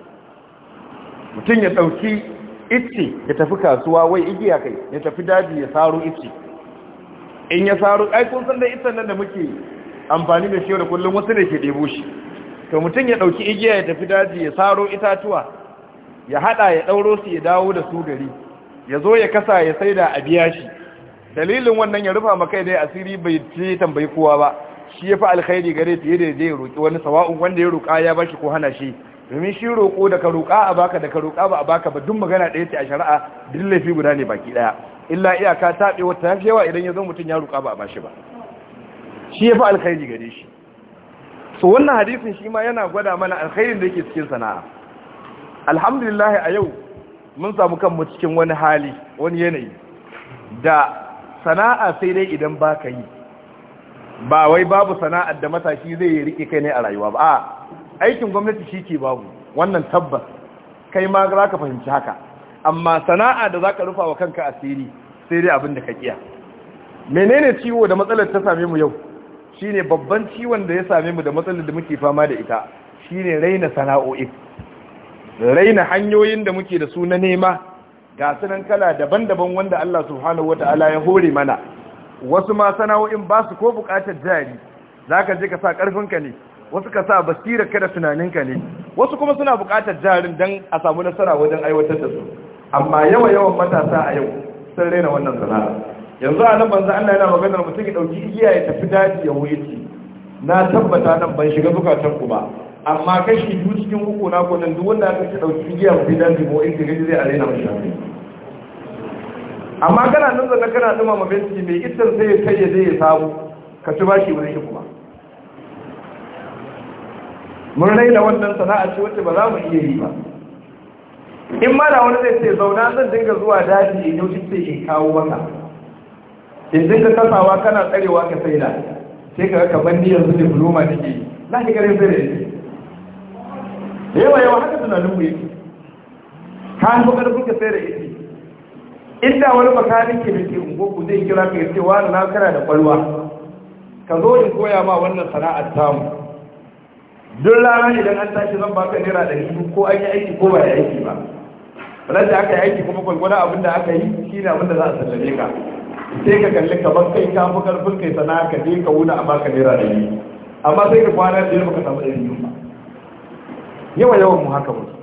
mutum ya ɗauki itce ya tafi kasuwa wai igiya kai ya tafi daji ya saro itce in ya saro ai kun san da itcen nan da muke amfani da shi da kullum wasu ne ke ɗebo shi to mutum ya ɗauki igiya ya tafi daji ya saro itatuwa ya haɗa ya ɗauro su ya dawo da su gari ya zo ya kasa ya sai da a biya shi dalilin wannan ya rufa makai dai asiri bai ce tambayi kowa ba shi ya fi alkhairi gare fiye da zai roƙi wani sawa'un wanda ya roƙa ya bashi ko hana shi domin shi roƙo da ka roƙa a baka da ka roƙa ba a baka ba duk magana ɗaya ce a shari'a duk laifi guda ne baki ɗaya illa iyaka taɓe wata yawa idan ya zo mutum ya roƙa ba a bashi ba shi ya fi alkhairi gare shi so wannan hadisin shi ma yana gwada mana alkhairin da yake cikin sana'a alhamdulillah a yau mun samu kanmu cikin wani hali wani yanayi da sana'a sai dai idan ba ka yi ba wai babu sana'ar da matashi zai yi rike kai ne a rayuwa ba aikin gwamnati shi ke babu wannan tabbas kai ma za ka fahimci haka amma sana'a da za ka rufa wa kanka asiri sai dai abin da ka kiya menene ciwo da matsalar ta same mu yau shine babban ciwon da ya same mu da matsalar da muke fama da ita shine raina sana'o'i raina hanyoyin da muke da su na nema ga sunan kala daban-daban wanda Allah subhanahu wata'ala ya hore mana wasu ma sana'o'in ba su ko bukatar jari zaka je ka sa ƙarfinka ne wasu ka sa basira ka da tunaninka ne wasu kuma suna bukatar jarin dan a samu nasara wajen aiwatar da su amma yawa yawan matasa a yau sun raina wannan sana'a yanzu a nan banza Allah yana maganar mutum ya ɗauki igiya ya tafi daji ya wuce na tabbata nan ban shiga zukatan ku ba amma kashi biyu cikin uku na nan duk wanda aka ce ɗauki igiya mafi daji ko in gaji zai arena mashi shafi amma kana nan zaka kana duma ma benci mai ittar sai ya kai ya je ya samu ka ci bashi wani zai shi kuma mun raina wannan sana'a ce wacce ba za mu iya yi ba in ma da wani zai ce zauna zan dinga zuwa daji in yau sai in kawo maka in dinka kasawa kana tsarewa ka saida sai ka ka banni yanzu diploma take yi za ki garin sai da yake yawa yawa haka tunanin mu yake ka hannu karfin ka sai da yake inda wani ke da ke ungogu zai kira ka yace wa na kana da kwalwa ka zo in koya ma wannan sana'ar tamu duk rana idan an tashi zan baka naira ɗari ni ko an yi aiki ko ba da aiki ba ran da aka yi aiki kuma gwalgwada abin da aka yi shi ne abin da za a sallame ka sai ka kalli kamar kai ka fi karfin kai sana ka je ka wuna a baka naira da yi amma sai ka kwana yamma ka samu ɗari biyu ba yawa yawan mu haka mutu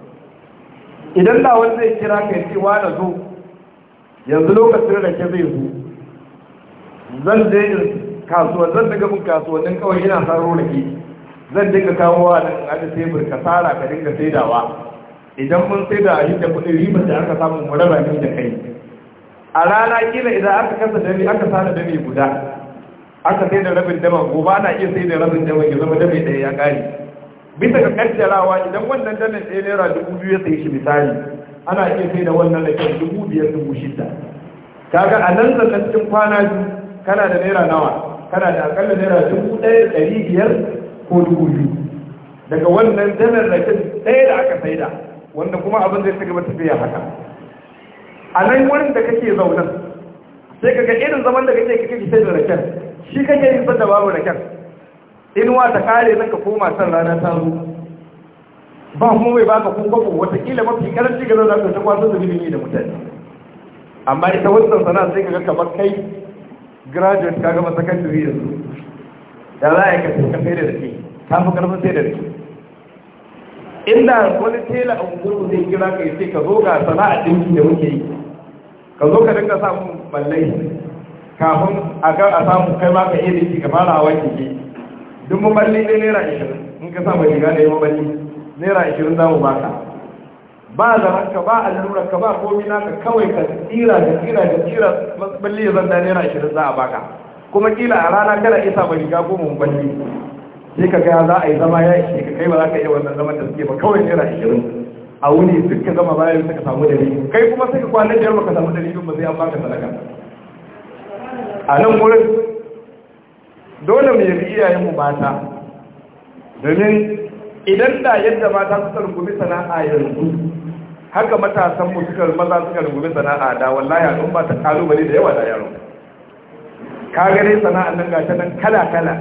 idan da wani zai kira ka sai wa na zo yanzu lokacin da ke zai zo zan je kasuwa zan daga mun kasuwannin kawai ina saro da ke zan dinga kawo wa nan aji tebur ka tsara ka dinga saidawa idan mun saida a yi da kuɗin ribar da aka samu mu raba ni da kai a rana kila idan aka kasa dami aka sada dami guda aka sai da rabin dama gobe ana iya sai da rabin dama ya zama dami ɗaya ya ƙari bisa ga kaddarawa idan wannan damin ɗaya naira dubu biyu ya sayi shi misali ana iya sai da wannan da kyau dubu biyar dubu shida kaga a nan zan cikin kwana biyu kana da naira nawa kana da akalla naira dubu ɗaya ɗari biyar ko dubu biyu daga wannan damin rakin ɗaya da aka saida wanda kuma abin zai ci gaba tafiya haka a nan wurin da kake zaunan sai kaga irin zaman da kake kake sai da raken shi kake yin sanda babu raken inuwa ta kare zan ka koma san rana ta zo ba mu bai baka kun gwabo watakila mafi karanci ga zan zaka ta kwasan da bilimi da mutane amma ita wannan sana'a sai kaga kamar kai graduate ka gama secondary yanzu da za a yi ka fere da rake ka fi karfin sai da rake inda wani tela a unguwar zai kira ka yi sai ka zo ga sana'a ɗinki da muke yi ka zo ka dinga samun ballai kafin a ga a samu kai ma ka iya dinki ka fara hawa keke duk maballi ne naira ashirin in ka samu riga da ya maballi naira ashirin za mu baka ba zaranka ba allura ka ba komi naka kawai ka tsira da tsira da tsira balli ya zanda naira ashirin za a baka kuma kila a rana kada isa ba riga goma maballi sai ka gaya za a yi zama ya ishe ka kai ba za ka iya wannan zaman da suke ba kawai naira ashirin a wuni duk zama gama bayan suka samu dari kai kuma sai ka kwanan biyar ka samu dari ba sai an baka sadaka a nan wurin dole mu yi iyayen mu mata domin idan da yadda mata suka rungumi sana'a yanzu haka matasan mu suka maza suka rubuta sana'a da wallahi al'umma ta kalubale da yawa da yaro ka gane sana'an nan ta nan kala kala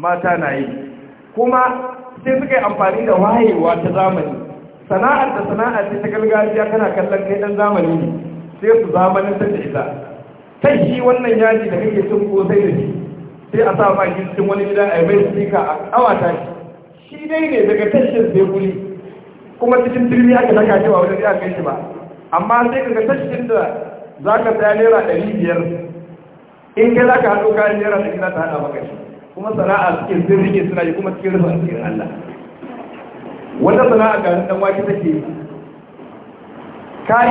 mata na yi kuma sai suka yi amfani da wayewa ta zamani sana'ar da sana'ar ta gargajiya tana kallon kai dan zamani ne sai su zamanin ta ita kai shi wannan yaji da kake cin sai da shi sai a sa ba cikin wani gida a mai sika a awata shi shi dai ne daga tashin sai guri kuma cikin turmi aka daka shi ba wajen zai kai shi ba amma sai kaga tashin da za ka saya naira ɗari biyar in kai za ka haɗo kayan naira da gida ta haɗa maka shi kuma sana'a suke sirri suna yi kuma cikin rufin cikin Allah suna sana'a garin ɗanwake wake take yi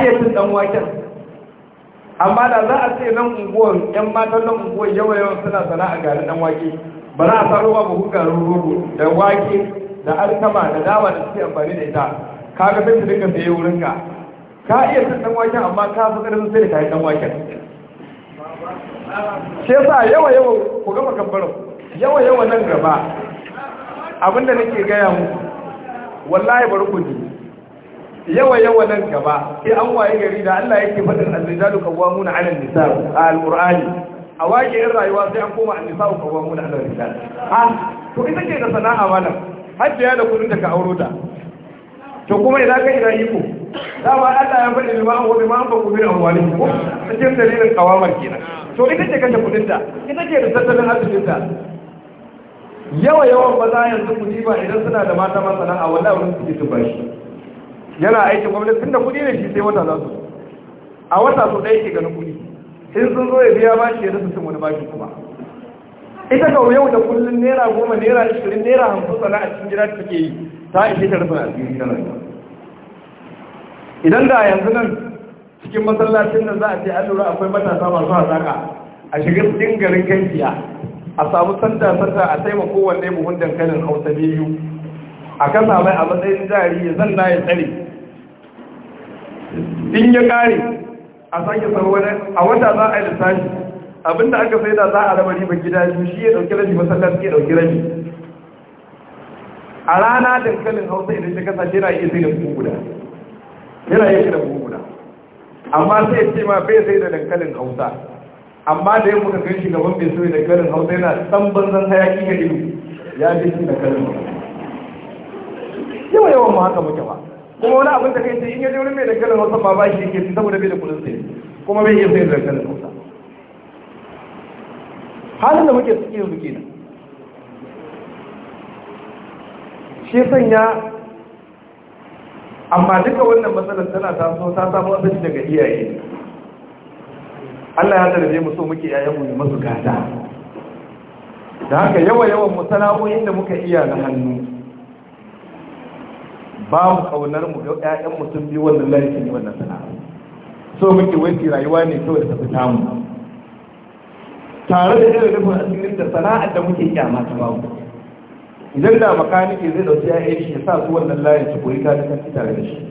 iya cin ɗanwaken. amma da za a ce nan unguwar yan matan nan unguwar yawa yawan suna sana'a garin ɗanwake, wake ba za a ruwa ba hukar garin da wake da alkama da dawa da suke amfani da ita ka ga sai su dinga saye wurin ka ka iya cin ɗanwaken amma ka fi ƙarfin sai da kayan yi ɗanwaken. Ke sa yawa yawa ku gama kabbarin yawa yawa nan gaba abinda nake gaya muku wallahi bari ku ji yawa yawa nan gaba sai an waye gari da Allah yake faɗin al-rijalu qawwamuna 'ala an-nisa al-qur'ani a waƙe rayuwa sai an koma an-nisa qawwamuna 'ala ar-rijal ha to ita ce da sana'a malam hajjiya da kudin da ka auro ta to kuma idan ka ina iko dama Allah ya faɗi liman wa liman ba ku bi amwali ko cikin dalilin qawamar kenan to ita ce kace kudin ta ita ce da tattalin arzikin ta yawa yawan maza yanzu kudi ba idan suna da mata masana a wani abin suke tuba shi yana aikin gwamnati tun da kudi ne shi sai wata za su a wata su ɗaya ke ganin kudi in sun zo ya biya ba shi ya rasa sun wani bashi kuma ita kawo yau da kullum naira goma naira ashirin naira hamsin sana a cikin gida take yi ta ishe ta rasa asiri na rayuwa idan da yanzu nan cikin masallacin da za a ce an lura akwai matasa masu hasaka a shiga cikin garin kai a samu santa santa a taima kowanne buhun dankalin hausa biyu a kasa mai a matsayin jari ya na ya tsare in ya kare a sake wani, a wata za a yi lissafi abinda aka sai da za a raba riba gida su shi ya dauki rabi masallaci ya dauki rabi a rana dankalin hausa idan ta kasa yana iya sai da buhu guda yana iya sai da buhu guda amma sai ya ce ma bai sai da dankalin hausa amma da yau muka kai shi gaban bai soyi da karin hausa yana san banzan hayaki ga ido ya ji shi da karin yawa yawan mu haka muke ba kuma wani abin da kai ce in yaje wani mai da karin hausa ba ba shi yake ci saboda bai da kudin sai kuma bai iya sayar da karin hausa halin da muke suke yanzu nan shi sanya amma duka wannan matsalar tana taso ta samu asali daga iyaye Allah ya tarbe mu so muke 'ya'yanmu mu masu gada da haka yawa yawan mu sana'o'in da muka iya na hannu ba mu kaunar mu ƴaƴan mu sun bi wannan ne wannan sana'a so muke wani rayuwa ne kawai ta fita mu tare da irin rufin asirin da sana'ar da muke kyama ta babu idan da makanike zai dauki ya yi shi sa su wannan layin su koyi ta da tare da shi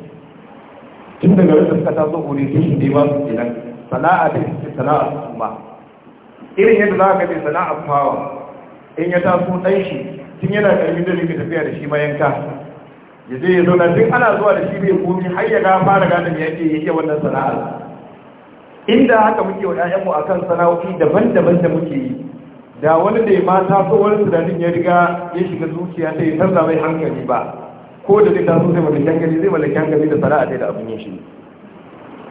tun daga rufin suka taso kore ta shi ne ba su kenan sana'a ta ce sana'a kuma irin yadda za ka ce sana'a fawa in ya taso ɗan shi tun yana ƙarfi da rike tafiya da shi mayanka ya je ya na duk ana zuwa da shi bai komi har ya ga fara gane ya ke yake wannan sana'ar inda haka muke wa ƴaƴanmu akan sana'o'i daban-daban da muke yi da wani da ma taso wani tunanin ya riga ya shiga zuciya sai ya canza mai hankali ba ko da zai taso zai mallaki hankali zai mallaki hankali da sana'a sai da abin yin shi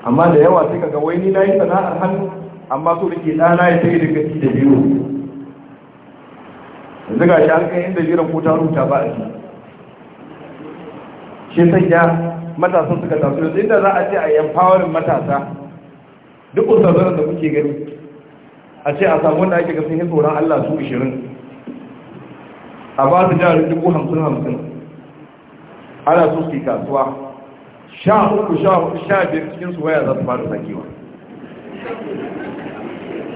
amma da yawa sai kaga wai ni na yi sana'ar hannu amma so da ke ɗana ya sai daga ci da biyu yanzu ga shi an kai inda jiran ko ta rubuta ba a ci shi sanya matasan suka taso yanzu inda za a ce a empowering matasa duk usazuran da kuke gani a ce a samu wanda ake ga sun yi Allah su 20 a ba su jihar dubu hamsin hamsin ana su su kasuwa sha uku sha uku sha biyar cikinsu waya za su fara sakewa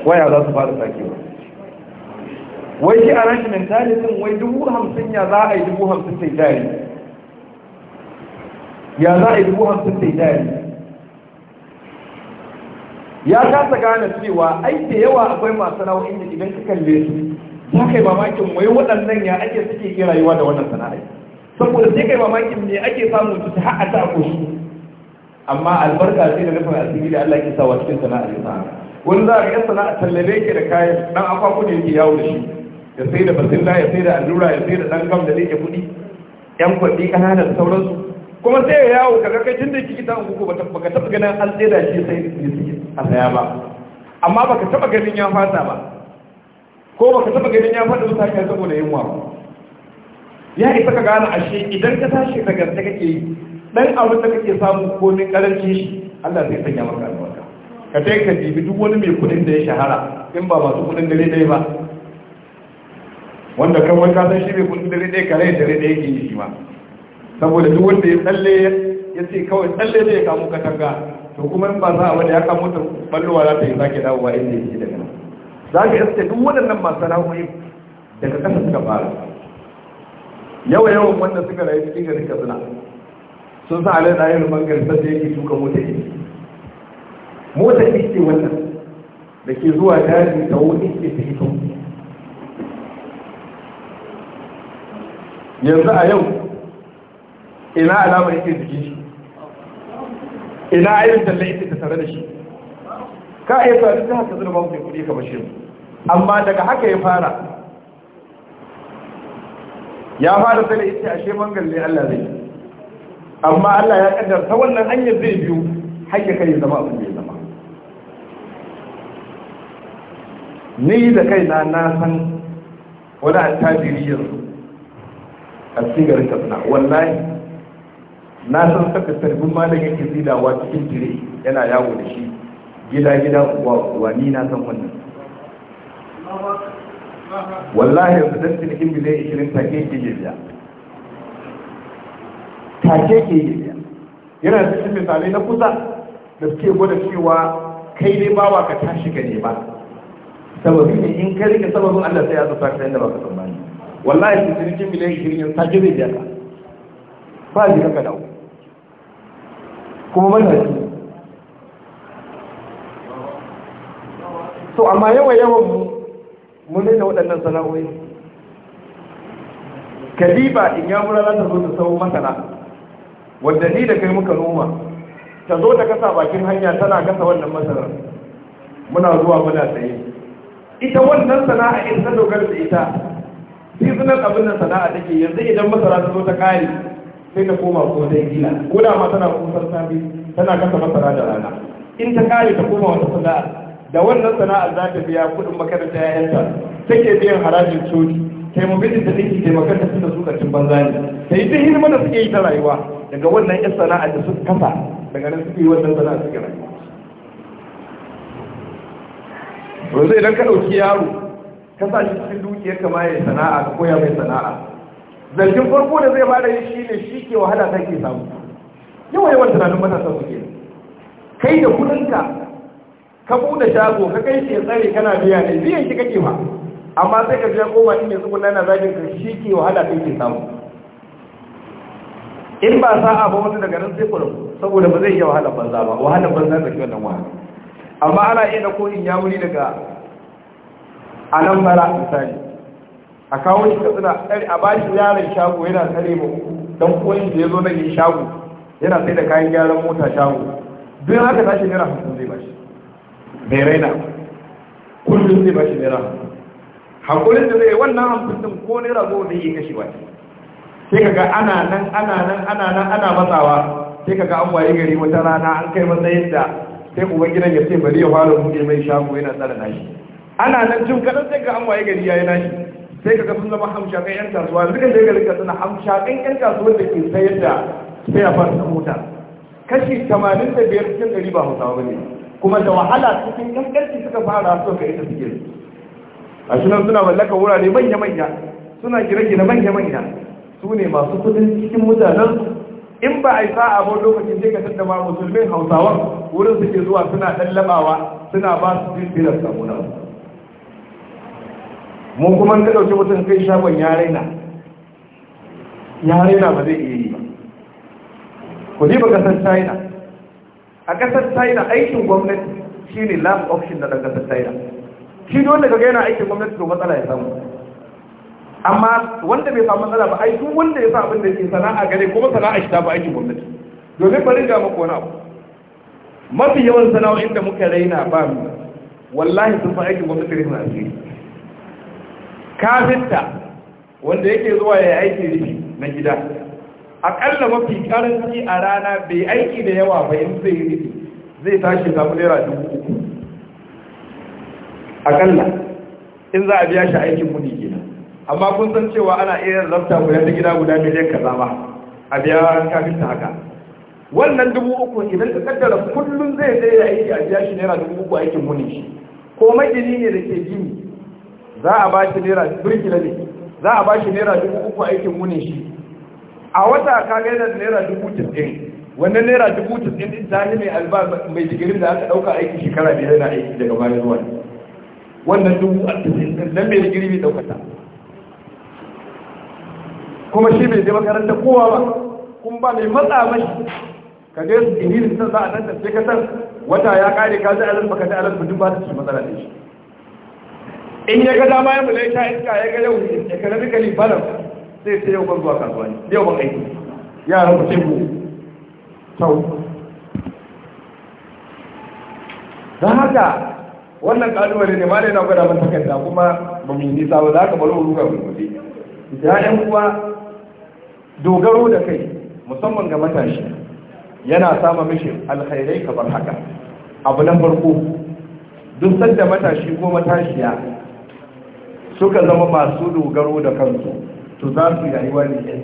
waya za su fara sakewa wai shi arrangement talitin wai dubu hamsin ya za a yi dubu hamsin sai jari ya za a yi dubu hamsin sai jari ya kasa gane cewa ai da yawa akwai masu sana'o'in da idan ka kalle su za ka yi mamakin wai waɗannan ya ake suke iya rayuwa da wannan sana'ai saboda sai kai mamakin me ake samu su ta haɗa ta shi amma albarka sai da nufin asiri da Allah ke sawa cikin sana'a ya sa'a wani za a ga sana'a tallabe ke da kayan dan akwa kudi yake yawo da shi ya sai da basilla ya sai da allura ya sai da dan gam da zai kudi yan kuɗi kanana da sauransu kuma sai ya yawo kaga kai tun da kike ta unguku ba ka taɓa ganin an tsaye da shi sai a saya ba amma baka taɓa ganin ya fata ba ko baka taɓa ganin ya faɗi mutane saboda yunwa ba ya isa ka gane ashe idan ka tashi daga ta kake yi dan abin da kake samu ko ni karanci shi Allah zai sanya maka albarka ka dai ka dibi duk wani mai kudin da ya shahara in ba masu kudin dare dai ba wanda kan wani kasan shi mai kudin dare dai kare dare dai yake yi shi ma saboda duk wanda ya tsalle ya ce kawai tsalle zai kamo katanga to kuma ba za a wani ya kamo ta ballowa za ta yi sake dawowa inda yake daga nan za ka iske duk waɗannan masu sana'o'i daga ƙasa suka fara yawa yawan wanda suka rayu cikin garin katsina sun sa alai ɗayan ruban garisar da yake tuka mota ne mota iske wannan da ke zuwa daji ta wani ke ta hito yanzu a yau ina alama yake jikin shi ina ayin talla yake ta tare da shi ka iya sa duk haka zurba ba kuɗi kamar shi amma daga haka ya fara ya fara sai da yace ashe mangalle Allah zai amma Allah ya kaddar ta wannan hanyar zai biyu hakka kai zama abin da zama ni da kaina na san wani attajiri a sigar kasna wallahi na san saka sarbin malam yake zidawa cikin jire yana yawo da shi gida gida uwa ni na san wannan wallahi yanzu dan cinikin miliyan ishirin take ke yi biya take ke yi biya yana cikin misalai na kusa da suke gwada cewa kai ne bawa ka tashi gane ba sababi ne in ka rike sababin Allah sai ya zuba ka yadda baka tsammani wallahi cinikin miliyan ishirin yanzu take zai biya ka ba zai ka dawo kuma manhaji to amma yawa yawan mu mun da waɗannan sana'o'i kadiba in ya mura za ta zo ta sau masana wadda ni da kai muka noma ta zo ta kasa bakin hanya tana kasa wannan masarar muna zuwa muna saye ita wannan sana'a in ta dogara da ita suna abin nan sana'a take yanzu idan masara ta zo ta kare sai ta koma ko dai gina ko da ma tana kusan sabi tana kasa masara da rana in ta kare ta koma wata sana'a da wannan sana'ar za ta biya kuɗin makaranta yayanta take biyan harajin coci bidin da take taimakon da suna sukacin banza ne sai yi ta hidimar da suke yi ta rayuwa daga wannan yan sana'ar da suka kafa daga nan suke yi wannan sana'ar suke rayuwa yanzu idan ka ɗauki yaro ka sa shi cikin dukiya kamar ya sana'a ko koya mai sana'a zargin farko da zai fara yi shi ne shi ke wahala take ke samu yawa yawan tunanin matasa suke kai da kudinka ka buɗe shago ka kai shi ya tsare kana biya ne biyan shi kake ma amma sai ka biya koma in ya tsuguna na zagin ka shi ke wahala kai ke samu in ba sa'a ba wasu daga nan sai kurum saboda ba zai iya wahala banza ba wahala banza da kiwon nan wahala amma ana iya da koyin ya wuri daga anan bara misali a kawo shi ka tsare a ba shi yaran shago yana tsare ma don koyin da ya zo na yin shago yana sai da kayan gyaran mota shago duk haka tashi naira hamsin zai ba shi Mai raina kullum zai bashi naira hankulin da zai wannan hamsin ko naira goma zai yi wani sai kaga ana nan ana nan ana nan ana matsawa sai kaga an waye gari wata rana an kai matsayin da sai uban gidan ya ce bari ya fara buɗe mai shago yana tsara nashi ana nan jin kaɗan sai ga an waye gari yayi nashi sai kaga sun zama hamshakan yan kasuwa yanzu kan daga rika suna hamshakan yan kasuwa da ke sayar da sai a fara mota kashi 85 cikin ɗari ba hausawa ba ne kuma da wahala cikin ƙarfi suka fara so ka ita suke a nan suna mallaka wurare manya-manya suna gine-gine manya-manya su ne masu kudin cikin mutanen in ba a yi sa'a ba lokacin da ka tattaba musulmin hausawa wurin suke zuwa suna ɗallabawa suna ba su jin filar samuna mun kuma ka ɗauki mutum kai shagon ya raina ya raina ba zai iya yi ba ku ji ba kasar china a kasar china aikin gwamnati shi ne last option na kasar china shi ne wanda gaga yana aikin gwamnati to matsala ya samu amma wanda bai samu matsala ba aikin wanda ya sa abin da ke sana'a gare kuma sana'a shi ta ba aikin gwamnati domin bari ga muku wani abu mafi yawan sana'o'in da muka raina ba mu wallahi sun fa aikin gwamnati rikin asiri kafinta wanda yake zuwa ya yi aiki rufi na gida akalla mafi karanci a rana bai aiki da yawa ba in zai rufe zai tashi samu naira dubu uku akalla in za a biya shi aikin muni gida amma kun san cewa ana iya lafta guda da gida guda miliyan kaza ba a biya kafinta haka wannan dubu uku idan ka kaddara kullum zai zai da aiki a biya shi naira dubu uku aikin muni shi ko magini ne da ke gini za a ba shi naira birkila ne za a ba shi naira dubu uku aikin muni shi a wata ka ga yana da naira dubu casa'in wannan naira dubu casa'in din ta ne mai alba mai digirin da aka ɗauka aiki shekara biyar yana aiki daga bayan zuwa wannan dubu a nan mai digiri bai ɗaukata kuma shi bai je makaranta kowa ba kun ba mai matsa mashi ka je su da ta za a tantar sai kasar wata ya kare ka ji alal ka ji alal duk ba ta ce matsala da shi in ya ga dama ya mulai ta iska ya ga yau economically balance sai sai yau ban zuwa kasuwa ne yau ban aiki yaran ku ce ku tau don haka wannan kalubale ne ma da yana gwada mun takarda kuma ba mu yi nisa ba za ka bari ruga mu ya ya'yan kuwa dogaro da kai musamman ga matashi yana sama mishi alkhairai kamar haka abu na farko duk sanda matashi ko matashiya suka zama masu dogaro da kansu to za su yi rayuwa da yanci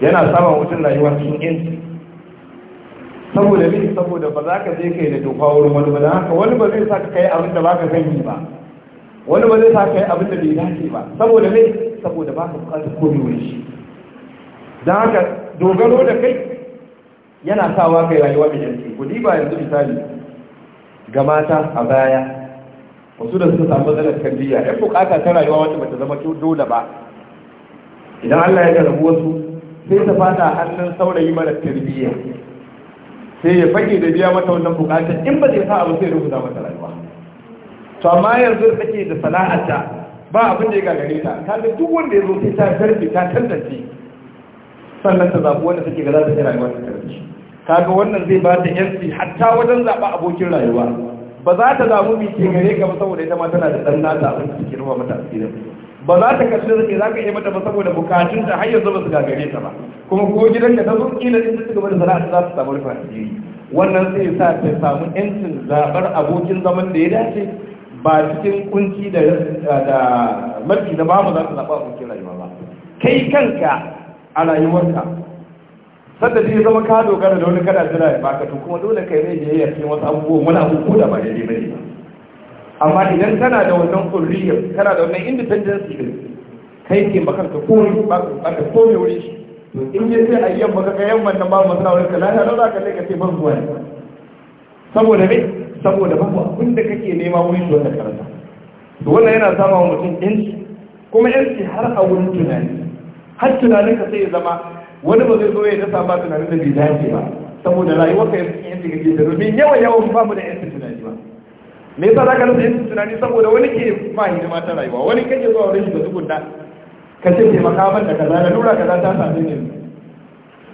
yana samun mutum rayuwa cikin yanci saboda ne saboda ba za ka je kai da dofa wurin wani ba haka wani ba zai sa ka kai abin da ba ka sanyi ba wani ba zai sa ka kai abin da bai dace ba saboda mai saboda ba ka bukatar komai wani shi don haka dogaro da kai yana sawa kai rayuwa mai yanci ku ba yanzu misali ga mata a baya wasu da suka samu matsalar tarbiyya yan bukata ta rayuwa wata bata zama dole ba idan Allah ya garbu wasu sai ta fata hannun saurayi mara tarbiyya sai ya fage da biya mata wannan bukatar in ba zai sa abu sai rubuta mata rayuwa to amma yanzu take da sana'arta ba abin da ya gagare ta da duk wanda ya zo sai ta tarbi ta tantance sannan ta zaɓi wanda take ga za ta yi rayuwa ta Ta kaga wannan zai ba ta yanci hatta wajen zaɓa abokin rayuwa ba za ta zamu bi ke gare ka ba saboda ita ma tana da ɗan nata abin da take ruwa mata asirin ba za ta kashe rike za ka yi mata ba saboda bukatun ta har yanzu ba su gagare ta ba kuma ko gidan ka ta zo kila din ta gaba da sana'a za su samu rufe asiri wannan sai sa ta samu yancin zaɓar abokin zaman da ya dace ba cikin kunci da mafi da babu za su zaɓa abokin rayuwa ba kai kanka a rayuwarka sanda zai zama ka dogara da wani kana jira ya baka to kuma dole kai ne da ya yarda wasu abubuwan wani abubuwa da ba daidai ba ne ba amma idan kana da wannan kuriyar kana da wannan independence din kai ke makanka komai ba ka komai wuri shi in je sai ayyan baka ga yamman nan ba mu sana wurin ka lafiya nan za ka sai ce ban zuwa ne saboda me saboda babu abin da kake nema wuri shi wata karanta to wannan yana sama wa mutum yanci kuma yanci har a wurin tunani har tunanin ka sai ya zama wani ba zai zo ya dasa ba tunanin da bai dace ba saboda rayuwar ka yanci kake da rubin yawan yawan ba mu da yanci me yasa zaka rasa yin tunani saboda wani ke ma hidima ta rayuwa wani kake zuwa wurin shi da tukunna ka ce ke makaman da kaza da lura kaza ta sami ne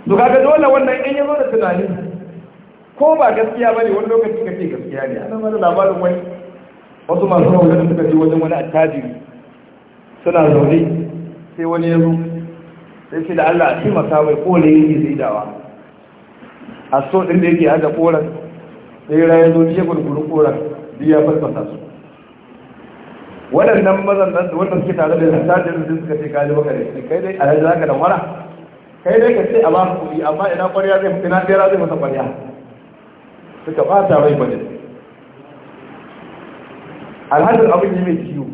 to kaga dole wannan in yazo da tunani ko ba gaskiya bane wani lokaci kace gaskiya ne ana mana labarin wani wasu masu rawa da suka ji wajen wani attajiri suna zaune sai wani ya zo sai ce da Allah a taimaka mai kole yake zaidawa a so din da yake haɗa koran sai ya zo ce gurguru koran ya farfasa su waɗannan mazan nan wannan suke tare da yantajin da suka ce kaji baka da shi kai dai a yanzu haka da wara kai dai ka ce a ba kuɗi amma ina ƙwarya zai ina ɗera zai masa ƙwarya suka ɓata mai bane alhajin abin yi mai ciwo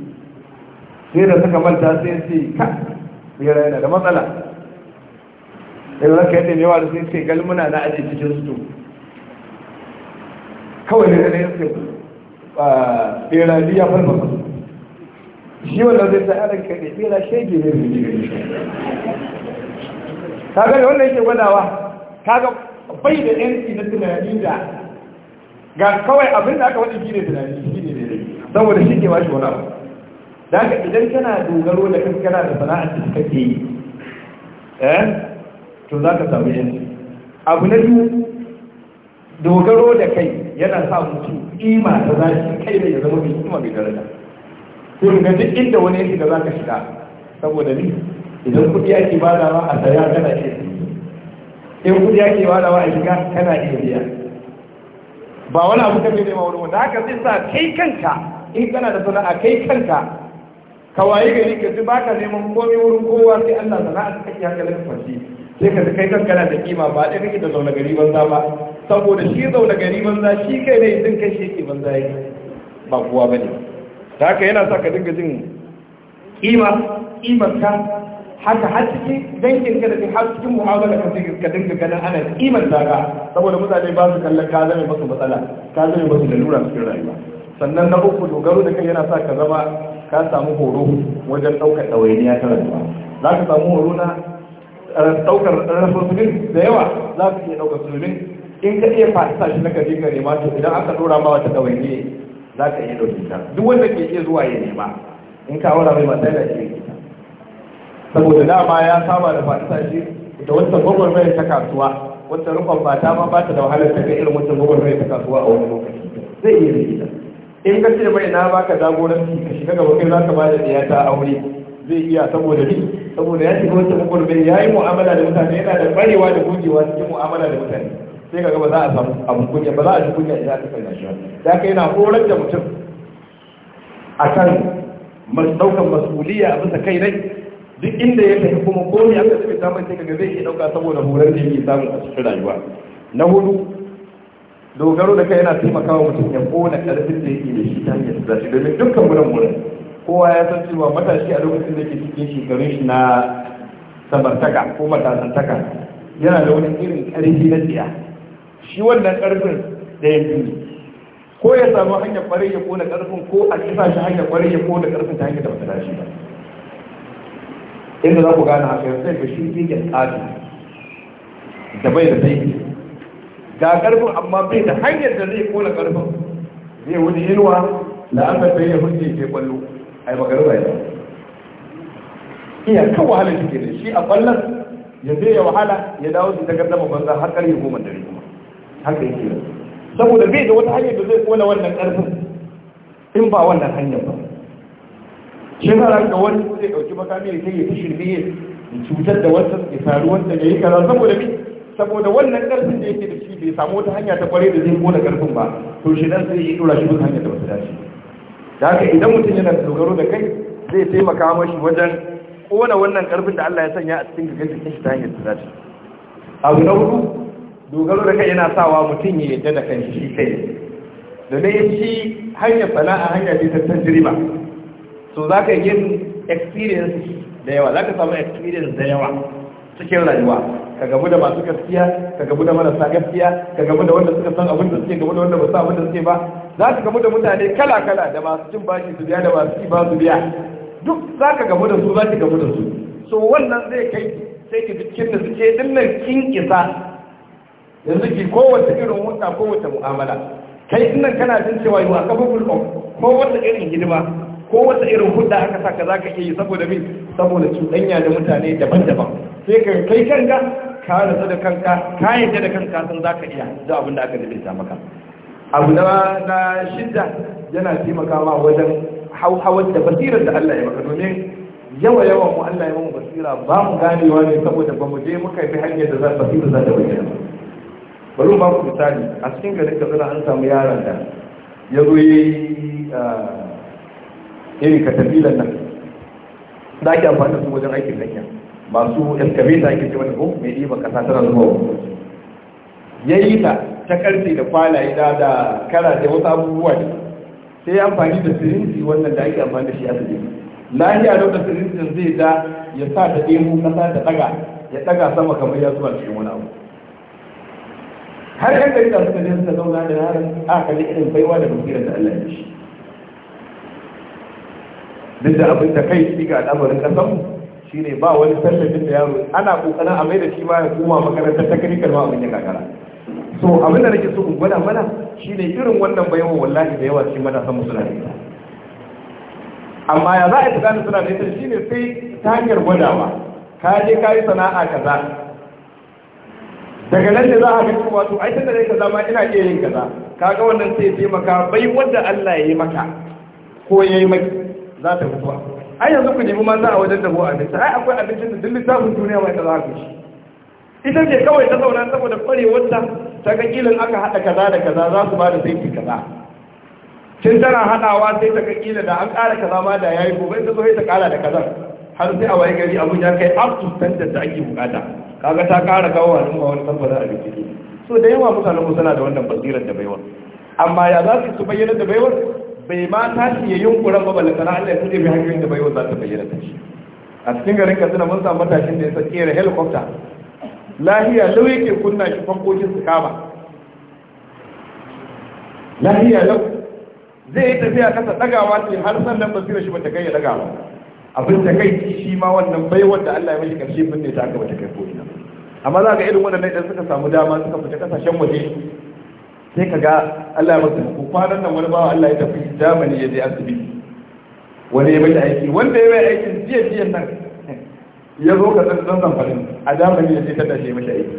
sai da suka manta sai ce ka bera yana da matsala yanzu zaka yadda yawa da sai ce galmuna na ajiye cikin su kawai da ya sai bera biya falmafa shi wanda zai sai aran ɓera bera ke ne mai jirgin ga da wannan yake gwadawa ta ga bai da yanci na tunani da ga kawai abin da aka wani gine tunani shi ne ne saboda shi ke bashi wani abu da haka idan kana dogaro da kankana da sana'ar da suka ke yi eh to za ka samu yanci abu na biyu dogaro da kai yana sa mutum ima ta zafi kai da ya zama mai kuma mai daraja sai ga duk inda wani ya shiga za ka shiga saboda ni idan kuɗi ake badawa a saya kana iya in kuɗi ake badawa a shiga kana iya biya ba wani abu kan nema wani wanda haka zai sa kai kanka in kana da sana'a kai kanka ka waye gari ka ji baka neman komai wurin kowa sai Allah sana'a ta kake haka lafi sai ka kai kanka kana da kima ba ɗaya kake da zaune gari banza ba saboda shi zaune gari banza shi kai ne idan kai shi banza yi ba kuwa ba ne ta haka yana sa ka dinga jin kima ka haka har ciki, dangin ka da har cikin mu'amala ka ka dinga ganin ana kimar da ka saboda mutane ba su kallon ka zame masu matsala ka zame masu lalura cikin rayuwa sannan na uku dogaro da kai yana sa ka zama ka samu horo wajen ɗaukar ɗawainiya ta rayuwa za ka samu horo na eh, ɗaukar rasulumin da yawa za ka iya ɗaukar sulmin in ka iya fasa shi na kaji ka nema to idan aka dora ma wata ne za ka iya dauki ta duk wanda ke iya zuwa ya nema in ka aura mai matsayi da shi saboda dama ya saba da fasa shi da wata mai ta kasuwa wata rufan ba ta ma ba ta da wahalar ta ga irin wata mai ta kasuwa a wani lokaci zai iya rikita in ka ce mai na baka jagoranci ka shiga gaba kai ka ba da ta aure zai iya saboda ni saboda ya shiga wata mai ya yi mu'amala da mutane yana da barewa da gogewa cikin mu'amala da mutane sai kaga ba za a samu abu kunya ba za a ji kunya idan aka kai nashi da kai yana horar da mutum a kan daukan mas'uliyya a bisa kai rai duk inda ya tafi kuma komai aka tafi samun sai kaga zai iya dauka saboda horar da yake samu a cikin rayuwa na hudu dogaro da kai yana taimakawa mutum ya kona karfin da yake da shi ta hanyar da shi domin dukkan wurin wurin kowa ya san cewa matashi a lokacin da ke cikin shekarun shi na samartaka ko matasantaka yana da wani irin karfi na tsiya shi wannan ƙarfin da ya biyu ko ya samu hanyar kwarai ya kone ƙarfin, ko a kisa shi hanyar kwarai ya kone ƙarfin ta hanyar da bata shi ba inda za ku gane haka yanzu sai ga shi gegen tsari da bai da zai ga ƙarfin amma bai da hanyar da zai kone ƙarfin, zai wani yinwa la'amar bai ya hujje ke kwallo a yi magarba ya iya kan wahalar shi ke da shi a kwallon ya zai ya wahala ya dawo su ta gardama banza har ƙarfi goma dare kuma haka yake saboda bai da wata hanyar da zai kona wannan karfin in ba wannan hanyar ba shi har ga wani zai dauki makami ya kai ya shirme ya cutar da wasu ya faru wanda ya yi kaza saboda bi saboda wannan karfin da yake da shi bai samu wata hanya ta kware da zai kona karfin ba to shi dan sai ya dora shi wata hanyar da ba ta dace da haka idan mutum yana dogaro da kai zai taimaka mashi wajen kona wannan karfin da Allah ya sanya a cikin gaggawa shi ta hanyar da ta dace abu na hudu dogaro da kai yana sawa mutum ya yadda da kan shi kai da dai shi hanyar sana'a hanyar ce ta jirima so za ka yi experience da yawa za ka samu experience da yawa cikin rayuwa ka gamu da masu gaskiya ka gamu da marasa gaskiya ka gamu da wanda suka san abin da suke gamu da wanda ba su abin da suke ba za ka gamu da mutane kala kala da masu cin bashi su biya da masu ci ba su biya duk za ka gamu da su za ki gamu da su so wannan zai kai sai ki cikin da suke dinnan kin isa yanzu ki kowace irin wuta kowace mu'amala kai innan kana jin cewa yi wa kafin ko wata irin hidima ko wata irin hudda aka sa za ka yi saboda bi saboda cuɗanya da mutane daban-daban sai ka kai kanka ka rasu da kanka ka yadda da kanka sun za ka iya da abin da aka rubuta maka abu na shidda yana taimaka ma wajen hauhawar da basirar da Allah ya maka domin yawa yawan mu Allah ya mu basira ba mu ganewa ne saboda ba mu je muka bi hanyar da za basira za ta bayyana bari ba ku misali a cikin ka zana an samu yaron da ya zo ya yi ah, irin katafilan nan da ake amfani da su wajen aikin hanya masu eskabeta ake ce wani ko mai ba kasa tana zuwa ya yi ta ta karfe da kwala ya da kara da wasu abubuwa ne sai amfani da sirinji wannan da ake amfani da shi a asibiti lahiya da wata sirinjin zai da ya sa ta ɗebo kasa ta ɗaga ya ɗaga sama kamar ya zuwa cikin wani abu har yan gari da suka je suka zauna da yaran a kalli irin baiwa da basirar da Allah ya shi duk da abin da kai shi ga al'amarin kasan shi ne ba wani tallafin da yaro ana kokarin a mai da shi ba ya koma makarantar takanikar ma abin ya kakara so abin da nake so in gwada mana shi ne irin wannan baiwa wallahi da yawa shi mana samu suna da ita amma ya za a yi tsakanin suna da ita shi ne sai ta hanyar gwadawa ka je ka yi sana'a kaza daga nan da za a gani wato ai tunda dai kaza ma ina iya yin kaza kaga wannan sai ya maka bai wanda Allah ya yi maka ko ya yi maki za ta fito ai yanzu ku nemi manzo a wajen dabo abinci ai akwai abincin da dukkan littafin duniya mai kaza ku shi ita ce kawai ta zauna saboda kware wanda ta ga kilin aka hada kaza da kaza za su ba da sai kaza kin tana hadawa sai ta ga kila da an kara kaza ma da yayi gobe ta zo ta kara da kaza har sai a waye gari abun ya kai up to standard da ake bukata kaga ta ƙara kawo nuna wani tambara a bincike so da yawa mutanen mu suna da wannan basirar da baiwar amma ya za su bayyana da baiwar bai ma shi ya yunkuran ba balle sana Allah ya kuje mai hanyoyin da baiwar za ta bayyana ta shi a cikin garin Katsina mun samu matashin da ya sake da helicopter lahiya lau yake kunna shi fankokin su kama lahiya lau zai yi tafiya kasa dagawa ce har sannan basirar shi bata kai ya dagawa abin da kai shi ma wannan bai wanda Allah ya mishi karshe binne ta gaba ta kai ko ina amma za ka irin waɗannan idan suka samu dama suka fita kasashen waje sai ka ga Allah ya masa ku kwanan nan wani bawa Allah ya tafi zamani ya je asibiti wani ya mai aiki wanda ya mai aikin jiya jiya nan ya zo ka zan zamfarin a zamani ya je ta dashe mashi aiki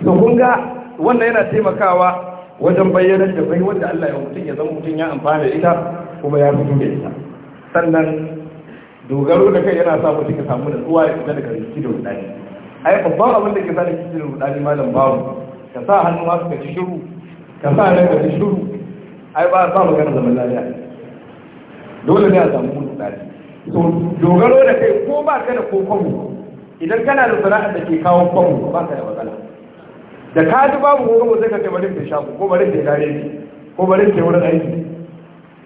to kun ga wannan yana taimakawa wajen bayyanar da bai wanda Allah ya mutum ya zama mutum ya amfana da ita kuma ya fito da ita sannan dogaro da kai yana samun mutum samu samu tsuwa ya fita daga rikici da rudani ai babban abin da ke sa rikici da rudani malam babu ka sa hannu masu ka ci shiru ka sa nan ka ci shiru ai ba sa magana zaman lafiya dole ne a samu rudani So dogaro da kai ko ba ka da kokon idan kana da sana'ar da ke kawo kwamo ba ka da matsala da ka ji babu ko kwamo sai ka ce bari ka shago ko bari ka gare ko bari ka wurin aiki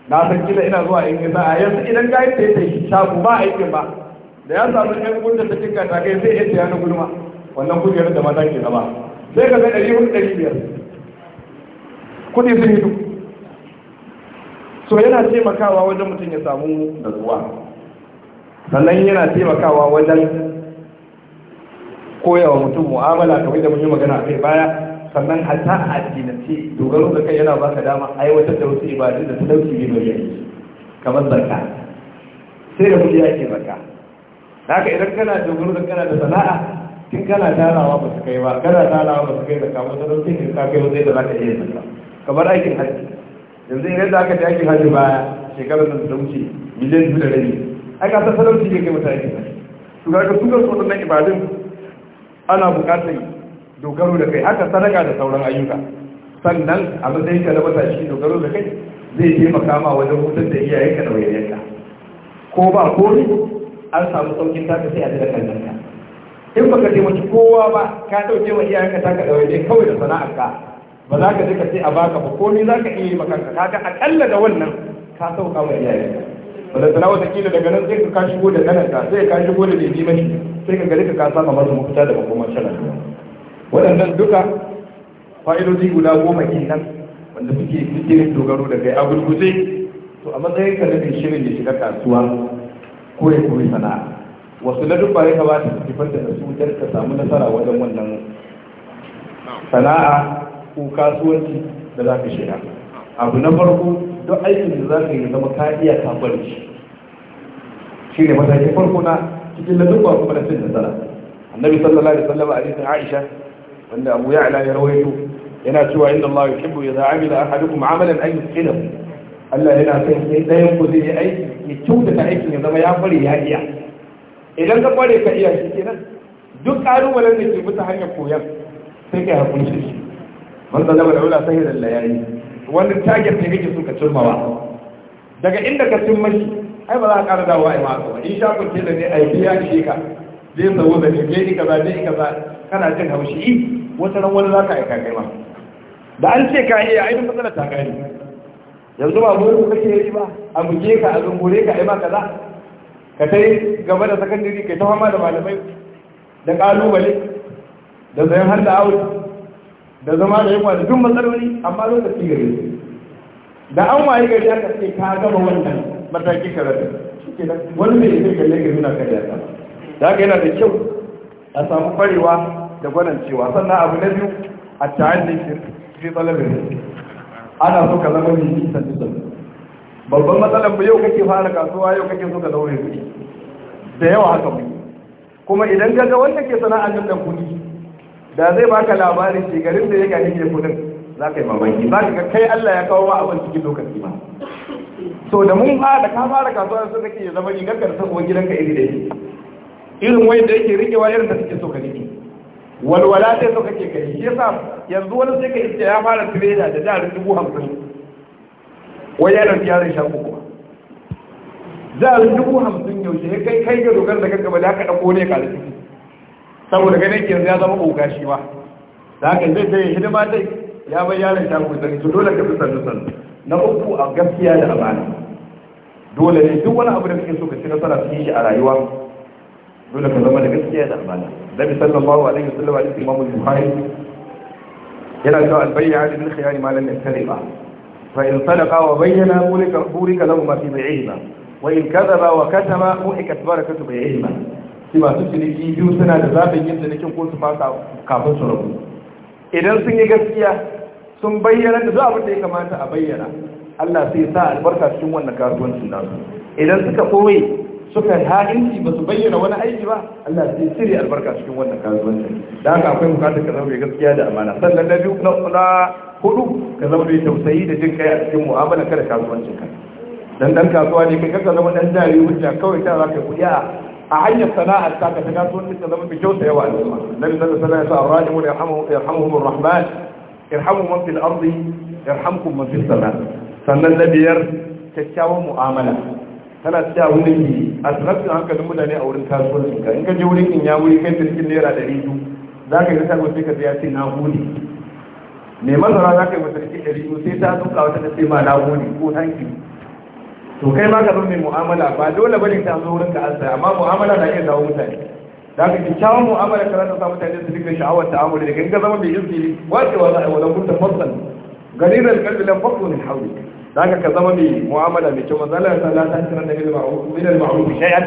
na san kila ina zuwa in gisa sa'a yanzu idan ga yadda yake shi shago ba aikin ba da ya samu ɗan gudun da ta kai sai ya ce yana na wannan kujerar da mata ke zama sai ka zai ɗari hudu ɗari biyar kuɗi sun hidu so yana taimakawa wajen mutum ya samu zuwa sannan yana taimakawa wajen koyawa mutum mu'amala kamar da mun yi magana a kai baya sannan hatta a addinance dogaro da kai yana baka dama aiwatar da wasu ibadun da ta dauki ne mai yanki kamar zarka sai da kudi ake da haka idan kana dogaro da kana da sana'a tun kana tarawa ba su kai ba kana tarawa ba su kai zarka ba ta dauki ne ka kai wani da za ka iya zarka kamar aikin hajji yanzu idan da aka ta aikin hajji baya shekarar da ta wuce miliyan biyu da rabi aka san talauci ne kai mutane su ga su ga su waɗannan ibadun ana buƙatar dogaro da kai haka sadaka da sauran ayyuka sannan abin da yake na matashi dogaro da kai zai taimaka ma wajen hutar da iyayenka da wayayenka ko ba kori an samu saukin taka sai a ji da ka in baka taimaki kowa ba ka dauke wa iyayenka taka da wayayen kawai da sana'arka ba za ka je ka sai a baka ba ni za ka iya yi ma kanka kaga akalla da wannan ka sauka wa iyayenka wanda sana wata kila daga nan sai ka shigo da kananka sai ka shigo da bai mashi sai ka gari ka kasa ma masu mafita da makomar shanar waɗannan duka fa'idoji guda goma kenan wanda suke fikirin dogaro da kai a gurguje to a matsayin ka nufin shirin ya shiga kasuwa ko ya kuma sana'a wasu na dubba ya kamata su kifar da su don ka samu nasara wajen wannan sana'a ko kasuwanci da za ka shiga abu na farko duk aikin da za ka yi zama ka iya kafar shi shi ne matakin farko na cikin dubba kuma na cin nasara annabi sallallahu alaihi wasallam a aisha wanda abu ya ala ya rawaito yana cewa inda Allah ya kibbu ya za'amila ahadukum amalan an yuskilahu Allah yana son sai dayan ku zai yi aiki ya kyautata aikin ya zama ya fare ya iya idan ka kware ka iya shi kenan duk ƙalubalen da ke bisa hanyar koyon sai kai hakuri shi man zalaba da wula sai da layali wanda target ne kake so ka cimmawa daga inda ka cimma shi ai ba za a ƙara dawowa yi ma ba in sha kun tela ne ai biya ne ka zai sawo da ne ka za ne ka za kana jin haushi wata ran wani za ka aika kai ma da an ce ka iya ainihin matsalar ta kare yanzu ba mu ku kake yi ba a muke ka a zungure ka ai ma kaza ka tai gaba da sakandare kai ta fama da malamai da kalubale da zayen har da aure da zama da yawa da duk matsaloli amma lokaci gare da an waye gari aka ce ka gama wannan mataki karatu wani mai zai kalle gari na kariya ta da haka yana da kyau a samu kwarewa da cewa sannan abu na biyu a ta'anni fi talabin ana so ka zama mai nisan nisan babban matsalar yau kake fara kasuwa yau kake so ka daure kuɗi da yawa haka mu kuma idan ka ga wanda ke sana'ar nan da kuɗi da zai baka labarin shekarun da ya gani ke kudin za ka yi mamaki za ka kai Allah ya kawo ma abin cikin lokaci ba so da mun fara ka fara kasuwa sai kake zama rigar ka da sabuwar gidanka iri da irin wanda yake rikewa irin da suke so ka rike walwala sai suka ke kai shi yasa yanzu wani sai ka iske ya fara tirela da jarin dubu hamsin wai ya ɗauki da sha uku ba dubu hamsin yaushe ya kai kai ga dogar da gaggaba da aka ɗauko ne ka da ciki saboda ganin yanzu ya zama ƙoga shi ba da haka zai sai hidima dai ya bai yaron sha uku sai dole ka fi sannu sannu na uku a gaskiya da amana dole ne duk wani abu da kake so ka ci nasara su yi shi a rayuwa dole ka zama da gaskiya da amana bi sallallahu alaihi wasallam hadisi imamu al-bukhari yana cewa al-bay'a lil khiyari ma lam yaktariba fa in sadaqa wa bayyana mulika burika lahu ma fi bai'ihima wa in kadhaba wa katama muhikat barakatu bai'ihima shi masu ciniki biyu suna da zaɓin yin cinikin ko su fasa kafin su rabu idan sun yi gaskiya sun bayyana da zuwa abinda da ya kamata a bayyana Allah sai sa albarka cikin wannan kasuwancin nasu idan suka koyi suka ha'inci ba su bayyana wani aiki ba Allah sai cire albarka cikin wannan kasuwanci da haka akwai bukatar ka zama mai gaskiya da amana sannan na biyu na hudu ka zama mai tausayi da jin kai a cikin mu'amala kada kasuwancin ka dan dan kasuwa ne kai kasa zama dan jari hujja kawai ta za ka kuɗi a hanyar sana'ar ta ka ta kasuwanci ka zama mai kyauta yawa al'umma nabi sallallahu alaihi wasallam ya sa arrajimu yarhamuhumur rahman irhamu man fil ardi irhamkum man fis sama sannan na biyar kyakkyawan mu'amala tana cikin abin da ke a sarrafin hankalin mutane a wurin kasuwancin ka in ka je wurin in ya wuri kai ta cikin naira ɗari biyu za ka yi ta sai ka biya ce na gode mai masara za ka yi masa cikin ɗari biyu sai ta duka wata ta ce ma na gode ko thank you to kai ma ka zo mai mu'amala ba dole bane ta zo wurin ka an amma mu'amala na iya dawo mutane da ka kyakkyawan mu'amala ka za ta sa mutane su dinga sha'awar ta'amuli daga in ka zama mai izini wacewa za a yi wadan kun tafassal garirar kalbi lan fakko min haulik zaka ka zama mai mu'amala mai kyau manzo Allah sallallahu ta wasallam da bil ma'ruf min al ma'ruf shay'an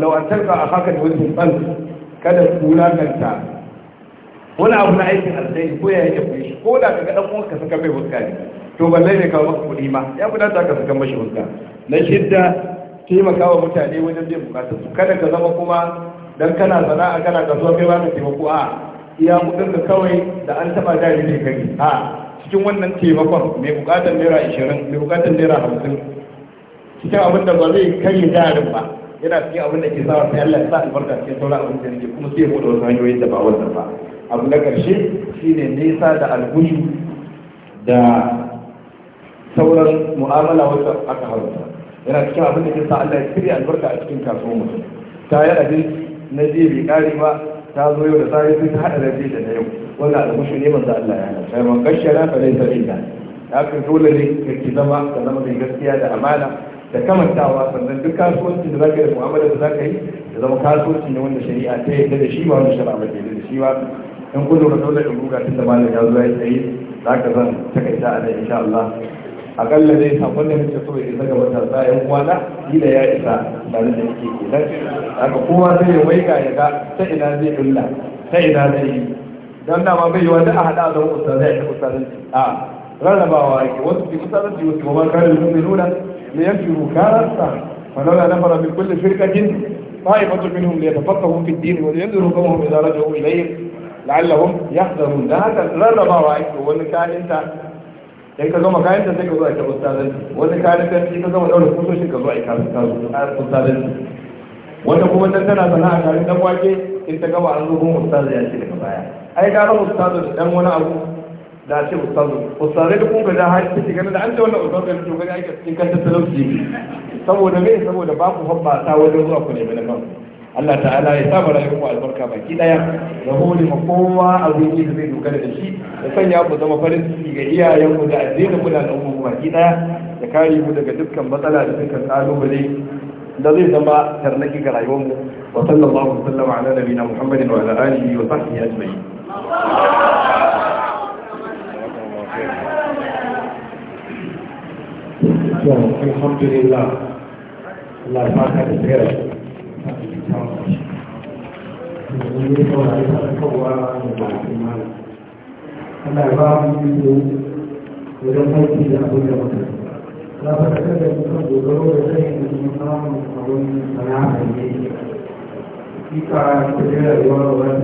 law an tarka akhaka bi wajhin qalb kada kulakanta wani abu na aikin alkhairi ko ya yake kuyi ko da kaga dan ka saka bai huska ne to balle ne ka maka kuɗi ma ya fi dace ka saka mashi huska na shidda taimaka wa mutane wajen biyan bukatar su kada ka zama kuma dan kana sana'a kana kasuwa kai ba ka taimako a iya kudin ka kawai da an taba jari ne kai a cikin wannan taimakon mai bukatar naira ishirin mai bukatar naira hamsin cikin abin da ba zai da jarin ba yana cikin abin da ke sa sai Allah ya sa albarka cikin sauran abin da yake kuma sai ya bude wasu hanyoyin da ba wannan ba abu na karshe shine nesa da algushu da sauran mu'amala wacce aka haruta yana cikin abin da ke sa Allah ya kiri albarka a cikin kasuwar mutum ta yi abinci na jiya bai kare ba ta zo yau da safe sun haɗa da da na yau wanda mushi ne manzo Allah ya hana sai man gashara fa sai Da haka dole ne kake zama ka zama mai gaskiya da amana da kamantawa sannan duk kasuwanci da zaka yi da mu'amala da zaka yi da zama kasuwanci ne wanda shari'a ta yadda da shi ba wanda shari'a ba ta da shi ba in kun lura dole in ruga tun da malam ya zo ya tsaye zaka zan takaita a nan insha Allah akalla dai sakon da nake so ya isa ga matasa yan uwana kila ya isa tare da yake kenan haka kowa zai waiga ya ga ta ina zai illa ta ina zai yi don dama bai yiwa duk a haɗa zama ustazai a ustazanci a rarrabawa yake wasu ke ustazanci wasu kuma kare su mai nuna me yanki rukararsa falaula na fara min kulle firkatin ta'ifatu minhum li yatafaqahu fi ad-din wa yanzuru kamhum idza raja'u ilayhim la'allahum yahdharun da haka rarrabawa yake wani kalinta sai ka gama kayan sai ka zo a kira ustazanci wani kayan ta sai ka gama daura kusoshin ka zo a kira ustazanci wanda kuma tana sana'a kayan dan wake in ta gama an zo kuma ustazanci daga baya ai gara ustazu dan wani abu da ce ustazu ustazu duk kun da har ce ganin da an da wannan ustazu da to ga ake cikin kanta talauci saboda me saboda ba ku hobba ta wajen zuwa ku nemi nan Allah ta'ala ya saba rayuwar ku albarka baki daya da hori ma kowa abin da zai dogara da shi da sanya ku zama farin ciki ga iyayen ku da addinin ku da ku baki daya da kare ku daga dukkan matsala da dukkan kalubale da zai zama tarnaki ga rayuwarmu wa sallallahu alaihi wa sallam ala nabiyina muhammadin wa ala alihi wa sahbihi ajma'in الحمد لله الله يبارك فيك Allah ya ba mu yi wajen aiki da abin da mutum. Za ka kasar da mutum dogaro da kai da kuma samun abin sana'a da yake. Ika ta jira da wani